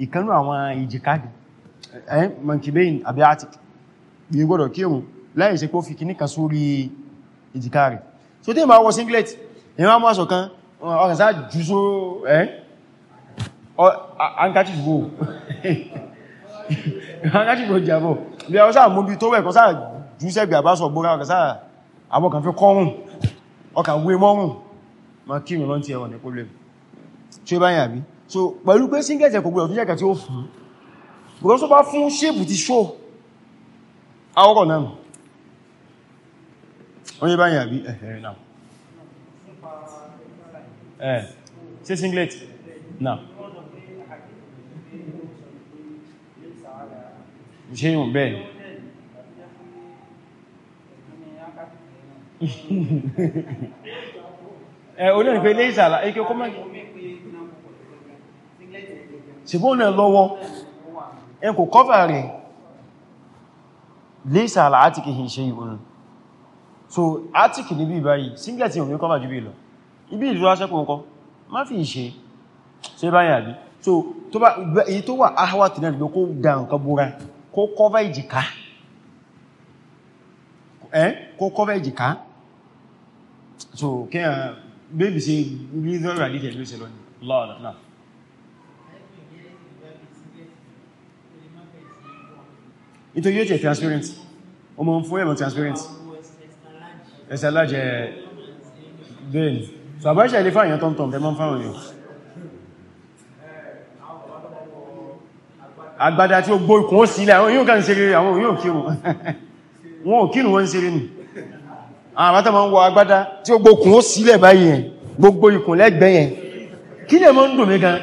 ìkanú àwọn ìjìká ẹ̀ eh, eh, mankibain àbí atik yìí gbọ́dọ̀ kírùn láì ṣe pó fi kì níkan sórí ìjìká so tí ma wọ singlet ìran mọ́ handkerchief wo [LAUGHS] handkerchief wo jàbọ̀ bí ọ sáà móbi tó wẹ̀kọ́ sáà jú sẹ́gbẹ̀ àbásọ̀ gbóra ọkà sáà àbọ̀kàn fi kọrùn ọkà wé mọ́rùn ma kírùn lọ́n ti ẹwọ̀n ní problem tí ó bá yàbí so pẹ̀lú pé síngẹ̀ẹ̀tẹ̀ kò gbọ́dọ̀ tó jẹ́kà tí ó fún bùkọ́ tó bá fún ṣébù ti ṣó àwọ́rọ̀ náà onye bá yàbí ẹ̀ẹ̀rẹ̀ Now. Eh, sí singlet Now. ṣéyùn bẹ́ẹ̀ ẹ̀ olóòrùn pé ilé ìsàlá ike kó mọ́ ṣìbọ́n náà lọ́wọ́ ẹ kò kọ́fà rẹ̀ lé ìsàlá átíkì hì ṣe ìwòrán so átíkì níbi ìbáyìí singlet ìwòrán kọ́fà jù bí lọ ibi ìdúró aṣẹ́kùn nǹkan má fi ìṣe ṣe báyìí àbí so èyí tó wà áhàwà tìlẹ̀ ìgbẹ́ kó dá nǹkan búra kó kọ́fà ìjìká ẹ́ kó kọ́fà ìjìká so kí a bébì sí reason reality ló ṣe lọ́nà lọ́ọ̀lọ́ náà nítorí yóò jẹ́ transparent ọmọ fún ẹ̀mọ̀ transparent ẹ̀sẹ̀ alájẹ̀ bẹ́ẹ̀ so àbáṣẹ̀ ilé fáyàn tọ́ntọ́n tẹ́mọ́ fáwọn èèyàn agbádá tí ó gbó ikùn ó sílẹ̀ àwọn yóò kàn ṣeré àwọn yóò kírun [LAUGHS] wọn ò kírun wọn ṣeré nì àwọn àtàmà ń wọ agbádá tí ó gbó ikùn ó sílẹ̀ báyìí yẹn gbogbo ikùn lẹ́gbẹ̀ẹ́ yẹn kí lè mọ́ ń dùn mí gan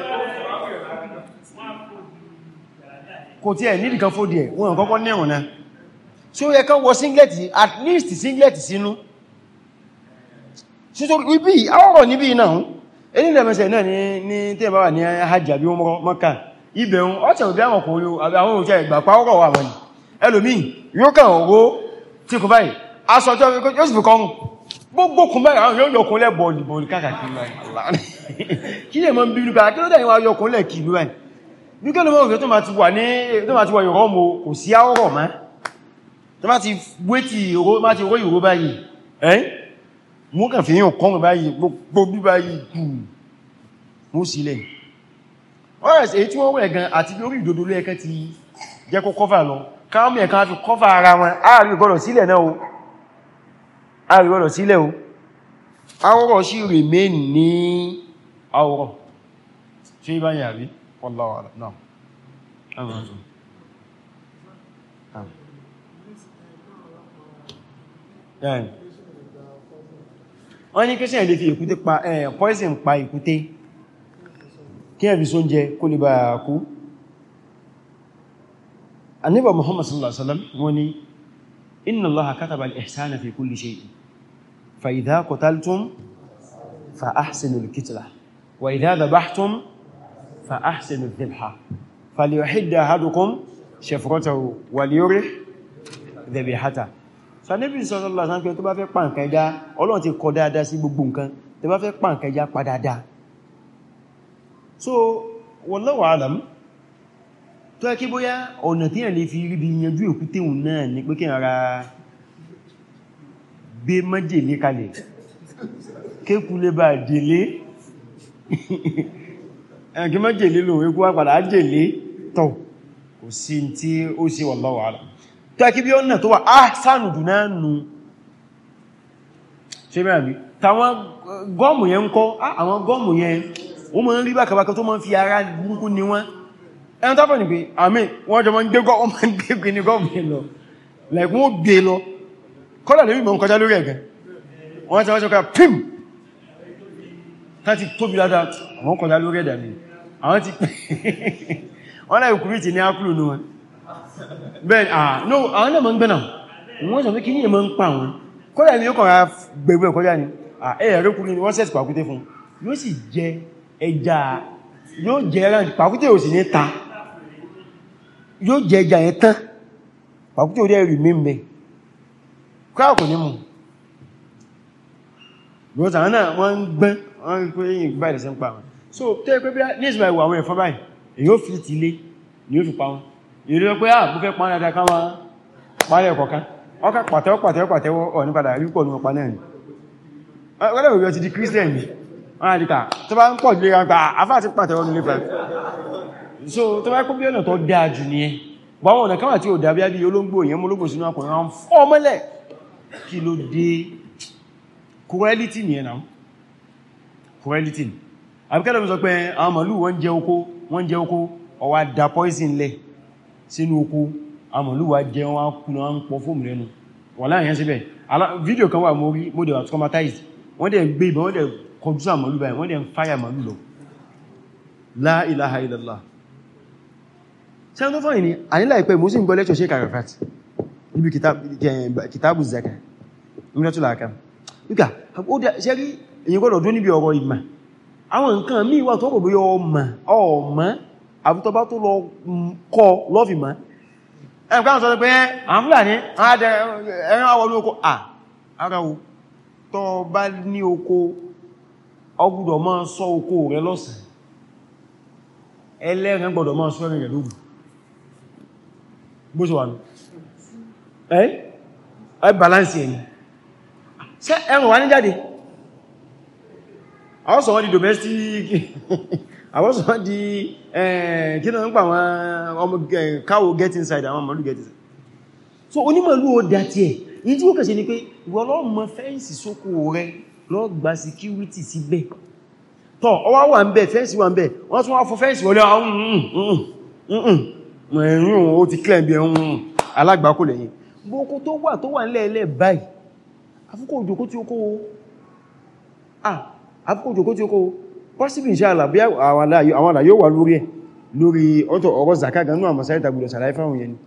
kò tí ẹ̀ nídìí kan fódì ẹ̀ wọn kọ́kọ́ ní ẹ̀wọ̀n náà tí ó yẹ kán wọ singlet at least singlet sínú sítorí ibi àwọ̀rọ̀ níbi náà ẹni lẹ́mẹsẹ̀ náà ní tí ẹ bá wà ní hajj àbí umrọ mọ́kà ibẹ̀un ọ́tẹ̀ òbí àwọn kò río àwọn òṣẹ́ ìgbà pàwọ́rọ̀ wà wọ́n ni ẹlòmí yóò kàn owó tí kò báyìí aṣọ tó yóò sì fi kọrùn gbogbo kùn báyìí àwọn yóò yọkùnlẹ̀ bọ̀ọ̀lì káàkiri [LAUGHS] kí lè mọ́ bí nípa kí ló dáyìn wá yọkùnlẹ̀ kì ló báyìí ní kí ló mọ́ tó máa ti wà ní tó máa ti wà yọ̀rọ̀ mo kò sí àwọ̀rọ̀ mọ́ tó máa ti wé ti ìró máa ti ró ìró báyìí ẹ́ mú kàn fi yàn kọrùn báyìí gbogbo bí sílẹ̀ whereas èyí tí wọ́n wẹ̀ gan àti lórí ìdòdó ló ẹ̀kẹ́ ti jẹ́ kó kọ́fà lọ káàmù ẹ̀kan fi kọ́fà ara wọn ààrí gbọ́dọ̀ sílẹ̀ náà o ààrí gbọ́dọ̀ sílẹ̀ o àwọ̀rọ̀ sí remain ní àwọ̀rọ̀ ṣe ibá yà rí wallahu a'lam náà wọ́n ní kí sí ẹ̀lẹ́fi ìkúté pa ẹ̀ poison pa ìkúté kí ẹ̀fì só ń jẹ kó lè bá kú annabi muhammad sallallahu alaihi wasallam wani inna allaha kataba al-ihsana fi kulli shay'in fa idha qataltum fa ahsinu al-qitla wa idha dhabhtum fa ahsinu al-dhabha falyuhidda ahadukum shafratahu walyurih dhabihata so annabi sallallahu alaihi wasallam tó bá fẹ́ pa so wallahu alam tó ẹ kí bóyá ọ̀nà tí ẹ̀lẹ́ fi rí bí yanjú èkúté òun náà ní pé kí ara gbé májèlé kalẹ̀ kékulé bá jèlé [LAUGHS] ẹ̀kí májèlé lòun ikú àpàdà jèlé tọ̀ kò sí tí ó sí wallahu alam tó ẹ kí bí ọ̀nà tó wà á sánù jù náà nù ṣe mẹ́rin tàwọn gọ́ọ̀mù yẹn ń kọ́ ah, àwọn gọ́ọ̀mù yẹn wọ́n mọ́ ń rí bákàbákà tó mọ́ ń fi ara burúkú ni wọ́n ẹni tó fọ́nì pé àmì wọ́n jọ mọ́ ń gbégọ́ wọ́n mọ́ ń gbégbé ní gọ́ọ̀mù lọ like wọ́n gbé lọ kọ́lá lórí mọ́ ń kọjá lórí ẹ̀gẹ́ wọ́n ti wọ́n ti kọjá pim láti tóbi ládá àwọn kọjá lórí ẹ̀dà ni àwọn ti [LAUGHS] wọ́n láì kúrì tì ní ákùlù ní wọn bẹ́ẹ̀ no àwọn náà mọ́ ń gbẹ́nà wọ́n sọ pé kí ní èmọ́ ń pa wọn kọ́lá ni yóò kọ̀ra gbẹ̀gbẹ̀ kọjá ni ẹ̀ẹ̀rẹ́kùnrin ni wọ́n sẹ́sì pàkúté fún yóò sì jẹ ẹja yóò jẹ ẹran pàkúté ò sì ní ta yóò jẹ ẹja yẹn tán pàkúté ò dẹ̀ rí mímẹ̀ kọ́ kò ní mú bọ́ta náà wọ́n ń gbẹ́ wọ́n ń pè yìí gbà ìdẹ̀sẹ̀ ń pa wọn so tẹ́ pé bí ní ìsinmi ìwà àwọn ẹ̀fọ́ báyìí èyí ó fi ti lé ni ó fi pa wọn èyí lọ pé àà bú fẹ́ pa dáadáa ká wọn parẹ́ ọ̀kọ̀kan ọkà pàtẹ́wọ́ pàtẹ́wọ́ pàtẹ́wọ́ ọ̀ nípadà rí pọ̀ ní ọpa náà ni wọ́n lẹ́wọ̀ Christian yìí wọ́n àdíkà tó bá ń pọ̀ jù lè rántà àfá àti pàtẹ̀wọ́n nílé pẹ̀lú so tó bá kó bí ọ̀nà tó dáa jù ní ẹ báwọn ọ̀nà káwà tí ó dábí àbí olóngbò èyàn mọ́lógbò sínú àkùnrin àwọn fọ́mọ́lẹ̀ kí ló dé kúrẹ́lítì ní ẹ̀nà kúrẹ́lítì àbíkẹ́lẹ̀ mi sọ pé àwọn màlúù wọ́n jẹ oko wọ́n jẹ oko ọwà da poison lẹ̀ sínú oko àwọn màlúù wá jẹ wọn traumatized wọ́n dẹ̀ gbé kọjú sí àmàlú báyìí wọ́n dẹ̀ ń fáyà màlú lọ la ilaha illallah ṣe tó fọ́nì ni ànílà ìpẹ́ mú sí ń gbọ́ lẹ́kṣọ́ ṣe kàrẹ̀fàt níbi kìtàbù zaka ìmìnàtúlà aka nígbà ó dẹ̀ ṣe rí èyí gbọ́dọ̀ dún níbi ọ̀rọ̀ ìmà àwọn nǹkan míì wà tó kò bóyá ọmọ ọmọ àbútọba tó lọ kọ lọ́fìmá ẹ̀kọ́ àwọn sọ pé àwọn fúlàní ẹran àwọn olóko à ara o tọ́ bá ní oko ọgbùdọ̀ máa ṣọ́ oko rẹ lọ́sàn ẹlẹ́rìn gbọ́dọ̀ máa ṣọ́ ẹ̀rìn rẹ̀ lóògùn bó ṣe wà ní ẹ́ ẹ́ balance ẹ̀yìn ṣe ẹ̀rùn wà ní jáde àwọ́sàn wọ́n di domestic àwọ́sàn [LAUGHS] wọ́n di kí náà ń pa àwọn ọmọ cow get inside àwọn màlúù get inside so onímọ̀lú ó dá tí ẹ̀ ìdí ó kẹsẹ̀ ni pé ìwọ̀lọ́mọ fẹ́ǹsì sókò rẹ̀ lọ gba security síbẹ̀ tọ́ ọwá wà ń bẹ̀ fẹ́ǹsì wà ń bẹ̀ wọ́n tún wá fọ́ fẹ́ǹsì wọlé ọ̀rùn ó ti kílẹ̀ bí ẹ̀hún alágbàkó lẹ́yìn gbókó tó wà tó wà nílẹ̀ẹ́lẹ̀ báyìí àfúkò òjòkó tí ó kó àfúkò òjòkó tí ó kó pọ́sílì ìṣàlà bí àwọn àlàyé wà lórí ẹ̀ lórí ọ̀tọ̀ ọ̀rọ̀ zaka ganú àmọ̀ sáyẹ̀ta gbùdọ̀ sàlàyé fáwọn yẹn ni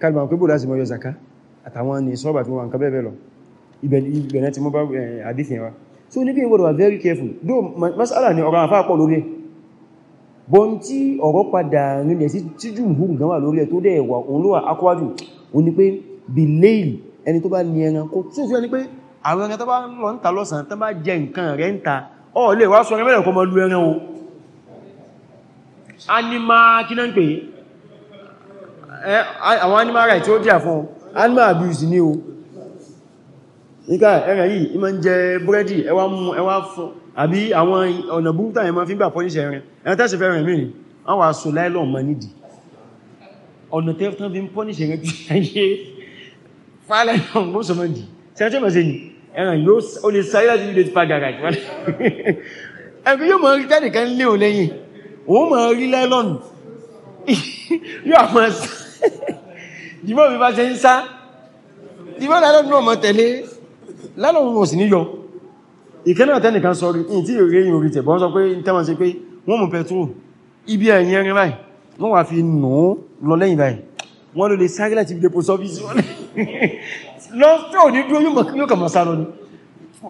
kalmà pípò láti mọ́ yọ zaka àtàwọn ni sọ́bà tí wọ́n wà ń kọ́ bẹ́ẹ̀ bẹ́ẹ̀ lọ ibẹ̀lẹ̀ ti mọ́ bá eh, hadith yẹn so ní bí ìwọ̀dọ̀ wà very careful Do, masala ni ọ̀rọ̀ àfáà pọ̀ lórí ẹ̀ bọ́ n tí ọ̀rọ̀ padà rinlẹ̀ sí tí jù hù gan wà lórí ẹ̀ tó dẹ̀ wà òun ló wà akwájú o ní pé bí léèlì ẹni tó bá ní ẹran kó tún fi ẹni pé àwọn ẹran tó bá ń lọ ń ta lọ́sàn tó bá jẹ nǹkan animal eh, animal animal abuse níká ẹ̀rẹ̀ yìí ìmọ̀ ń jẹ búrẹ́dì ẹwà mú ẹwà fún àbí àwọn ọ̀nà búrúta ẹ̀mọ́ fi ń gbà pọ́níṣẹ̀ ẹ̀rẹ̀ ẹ̀rẹ̀ tẹ́sì fẹ́ rẹ̀ mìíràn wọ́n wà so láìlọ́n ma nídìí ọ̀nà tẹ́fẹ́ fi ń pọ́níṣẹ̀ ẹ̀rẹ̀ tí ṣe ni ẹ̀rẹ̀ yóò ó lè sáré láti ilé tipa gàrà [LAUGHS] ẹ̀rẹ̀ yóò mọ̀ rí tẹ́nì kan lé òun lẹ́yìn òun mọ̀ [LAUGHS] [LAUGHS] lálọ́wọ́ wọn sì ní yọ ìkẹ́nà tẹ́nìkan sọ ní tí ìrẹ́ yìí orí tẹ̀bọ́n sọ pé tẹ́wọ́n sí pé wọ́n mú pẹ̀tró ibi ẹ̀yìn ẹ̀rin báyìí wọ́n wà fi nù ú lọ lẹ́yìn báyìí wọ́n ló lè sáré láti ibi depo sọ́fíìsì [LAUGHS] lọ́tọ̀ ní dúró yóò kà máa sá lọ ní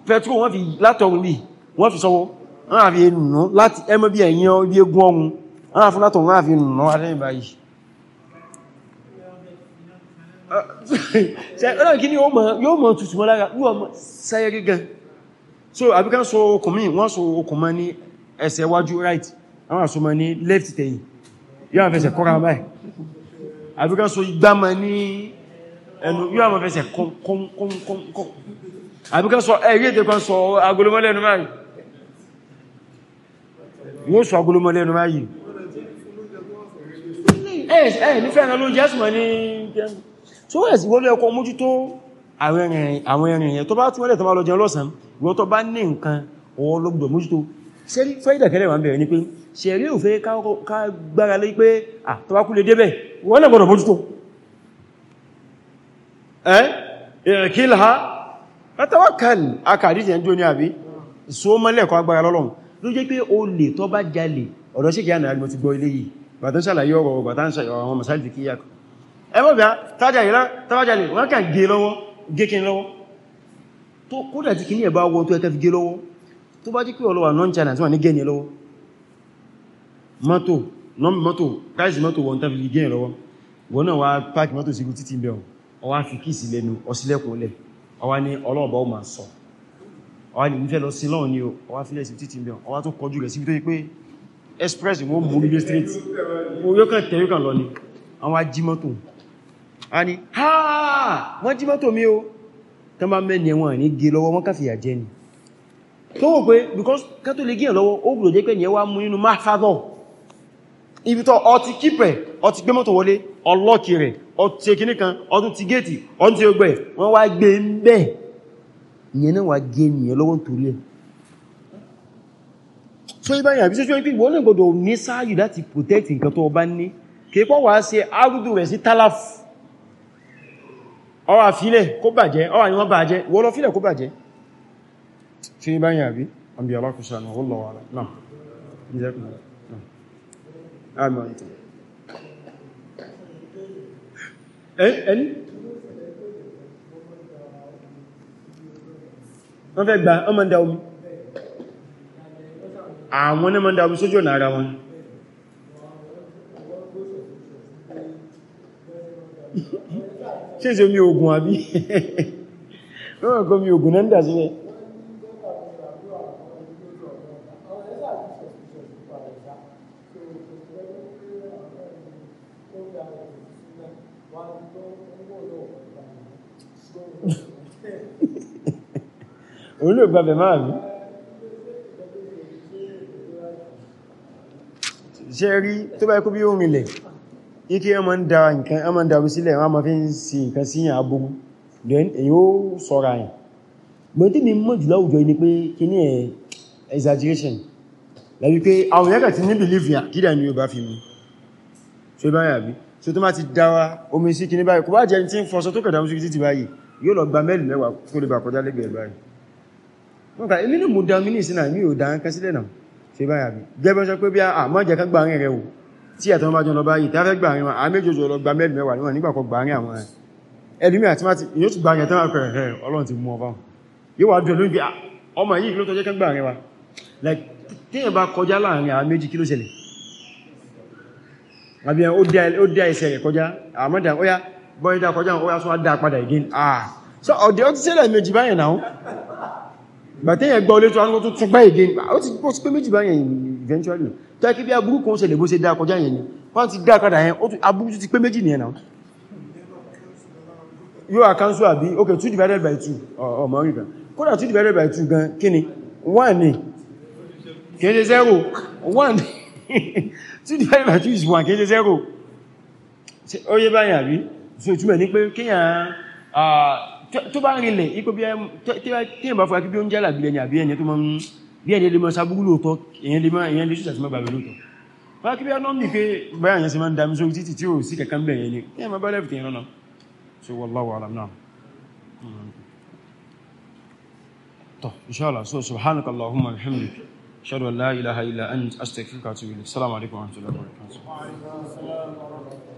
pẹ̀tró wọ́n fi látọrun bí wọ́n fi sọwọ́ wọ́n fi nù láti ẹmọ bí ẹ̀yìn ibi egun ọrùn wọ́n fi látọrun wọ́n fi nù lọ lẹ́yìn báyìí [LAUGHS] ọlọ́run kí ní yóò mọ̀ tutù mọ́ lára yóò mọ̀ sẹ́yẹrí gan so àbíká so okùn mí wọ́n so okùn mọ́ ní ẹsẹ̀ wájú right àwọn àso mọ́ ní left tẹ̀yìn yóò fẹsẹ̀ kọ́ra báyìí àbíká so igbá mọ́ ní ẹnu yóò fẹsẹ̀ kọ́nkọ́nkọ́nkọ́ àbíká so ẹ̀rí ètè kan so agolomọ́lẹ́nu báyìí wọ́n so agolomọ́lẹ́nu báyìí ẹ̀ nífẹ̀ẹ́ so yes ìwọ ló ẹkọ mójútó àwọn ẹ̀rìn yẹn tó bá tún wọ́lẹ̀ tó bá lọ jẹun lọ́sàn ìwọ tó bá ní nǹkan ọwọ́ lọ́gbọ̀dọ̀ mójútó sẹ́rí fẹ́ìdàkẹ́lẹ̀ wà ń bẹ̀rẹ̀ ní pé sẹ́rí ò fẹ́ ká gbára lé pé tó bá kú lè débẹ̀ wọ́n lè gbọ́dọ̀ mójútó ẹ́ ìrìnkílá látàwákàl akàdíjẹ̀ ń jó ní àbí so mọ́lẹ̀ kọ́ agbára lọ́lọ́run ló jẹ́ pé o lè tó bá jalè ọ̀dọ̀ sí kí á nà àgbọ̀ ti gbọ́ ilé yìí bàtán sàlàyé ọ̀rọ̀ ọ̀gbàtán sàlàyé ọ̀rọ̀ masáàlì kíyàkọ̀ ẹmọ́ bí i tájá ìlá tábájá lè wọ́n kàn gé lọ́wọ́ gé kí lọ́wọ́ tó kódà tí kí ní ẹ̀bá ọwọ́ tó ẹkẹ́ fi gé lọ́wọ́ tó bá jí pé ọlọ́wà non-china tí wọ́n ní gẹ́ni lọ́wọ́ mọ́tò mọ́tò price mọ́tò wọ́n tàbí gẹ́ni lọ́wọ́ wọ́n náà wá pàkì mọ́tò sí títí bẹ̀ ọwá fi kí sí lẹ́nu ọsílẹ̀kùnlẹ̀ ọwá ní ọlọ́ọ̀bá ó máa sọ ọwá ní ìfẹ́ lọ sí lọ́wọ́ ni ọwá fílẹ̀ sí títí bẹ̀ ọwá tó kọjú rẹ̀ sí tó yí pé express wọ́n mú ilé street orí ó kàn tẹ̀rí kan lọ ni àwọn ajímọ́tò a ní ha wọ́n jí mọ́tò mi o tán bá mẹ́ni ẹ̀wọ̀n ní gé e lọ́wọ́ wọ́n káfíyà jẹ́ ni tó wò pé because kátó lè gíyàn lọ́wọ́ ó gbùdó jẹ́ pé ní ẹwà mú nínú máa fádọ̀ ibi tọ́ ọtí kípẹ̀ ọtí gbé mọ́tò wọlé ọlọ́kì rẹ̀ ọtí ẹkìní kan ọdún ti gẹ́ẹ̀tì ọdún ti ogbẹ̀ wọ́n wá gbé e ń bẹ́ ìyẹn náà wá gé nìyẹn lọ́wọ́ torí ẹ̀ so ibá yàn àbíṣẹ́ tí wọ́n ní gbọdọ̀ ní sáàyù láti protect nǹkan kí pọ́ wá ṣe arúdù rẹ̀ sí tálàfù ọwà fílẹ̀ kó bàjẹ́ ọwà ni wọ́n bàjẹ́ wọ́n lọ fílẹ̀ kó bàjẹ́ tí ní báyìí àbí àbí alákùsànà ó lọ́wọ́ rẹ̀ náà ìjẹ́kùnrin náà àmì ọ̀tọ̀ ẹni wọ́n ṣe ṣe omi ogun àbí [LAUGHS] wọ́n kọ́ mi ogun náà ń dà sílẹ̀ [LAUGHS] òun lè gbàbẹ̀ máa rí ṣe rí tó bá ikú bí ó rìnlẹ̀ ike ya e ma ń da nǹkan ya ma ń darú sílẹ̀ ya ma fi ń ṣe nǹkan sí yàn aburú then èyí ó sọ́ra yàn gbọ́n mi mọ̀ jùlọ àwùjọ ni pé kí ní ẹ̀ exaggeration lẹ́bí pé àwọn yẹ́kà ti ní believe yà kí dà ní Yorùbá fi mú so bá yà bí so tó má ti dára omi sí kíní báyìí kò bá jẹ́ tí ń fọṣọ tó kẹ̀dà mú sí báyìí yóò lọ gba mẹ́lì mẹ́wàá kó lè bà kọjá lẹ́gbẹ̀ẹ́ báyìí wọ́n ka èmi ní mo da mí ní ìsinà mi ò tí àtàwọn bá jọ lọ báyìí tàbí gbà rí wọn a méjòjò lọ gba mẹ́rin mẹ́wàá níwọ̀n nígbàkọ̀ gbà rí àwọn ẹ̀lúmí àti máa ti yóò ti gbà rí àtàwọn akọ̀ ẹ̀rẹ̀ ọlọ́run ti mú ọba yóò wà dùn lórí pé ah, ọmọ yìí ló tọ́jẹ́ kẹ́gbà rí wa tíyàn bá kọjá láàrin àwọn méjì kí ló ṣẹlẹ̀ àbí ó dá ẹsẹ̀ rẹ̀ kọjá àmọ́dà ó yá bọ́ gbàtẹ́yẹ̀ gbọ́ olé tó wọ́n tó tún gbá èdè ó ti pọ́ sí pé eventually tó kí bí aburú kan ṣẹlẹ̀ bó ṣe dá kọjá yẹn ni wọ́n ti dá kọ́dà yẹn aburú ti pé méjì nìyẹn náà yóò àkánsù àbí ok divided by 2 ọmọ orí gan kódà 2 divided by 2 gan kí ni 1 ni kìí ṣe [LAUGHS] divided by 2 is 1 kìí ṣe 0 ó yé báyìí àbí so ìtumọ̀ ní pé tó bá rinlẹ̀ ipò bí ẹ̀ bá fún akí bí ó ń jẹ́ àlàbí ẹni àbí ẹni tó máa ń bí ẹni lè mọ́ sábúrú lóòtọ́ èyàn lè èyàn lè ṣùsàtí mọ́ bàbẹ̀ lóòtọ́ wọ́n kí bí ẹ̀ nọ́mì pé báyàn yẹn sí máa ń dámi sórí títí tí ó sí kẹ̀kẹ́ bẹ̀ yẹn ni ẹ̀ mọ́ bá lẹ́fì tẹ̀yìn lọ́nà so wallahu alam náà tọ́ inshallah so subhanaka allahumma bihamdik ashhadu an la ilaha illa ant astaghfiruka wa atubu ilayk assalamu alaikum wa rahmatullahi wa barakatuh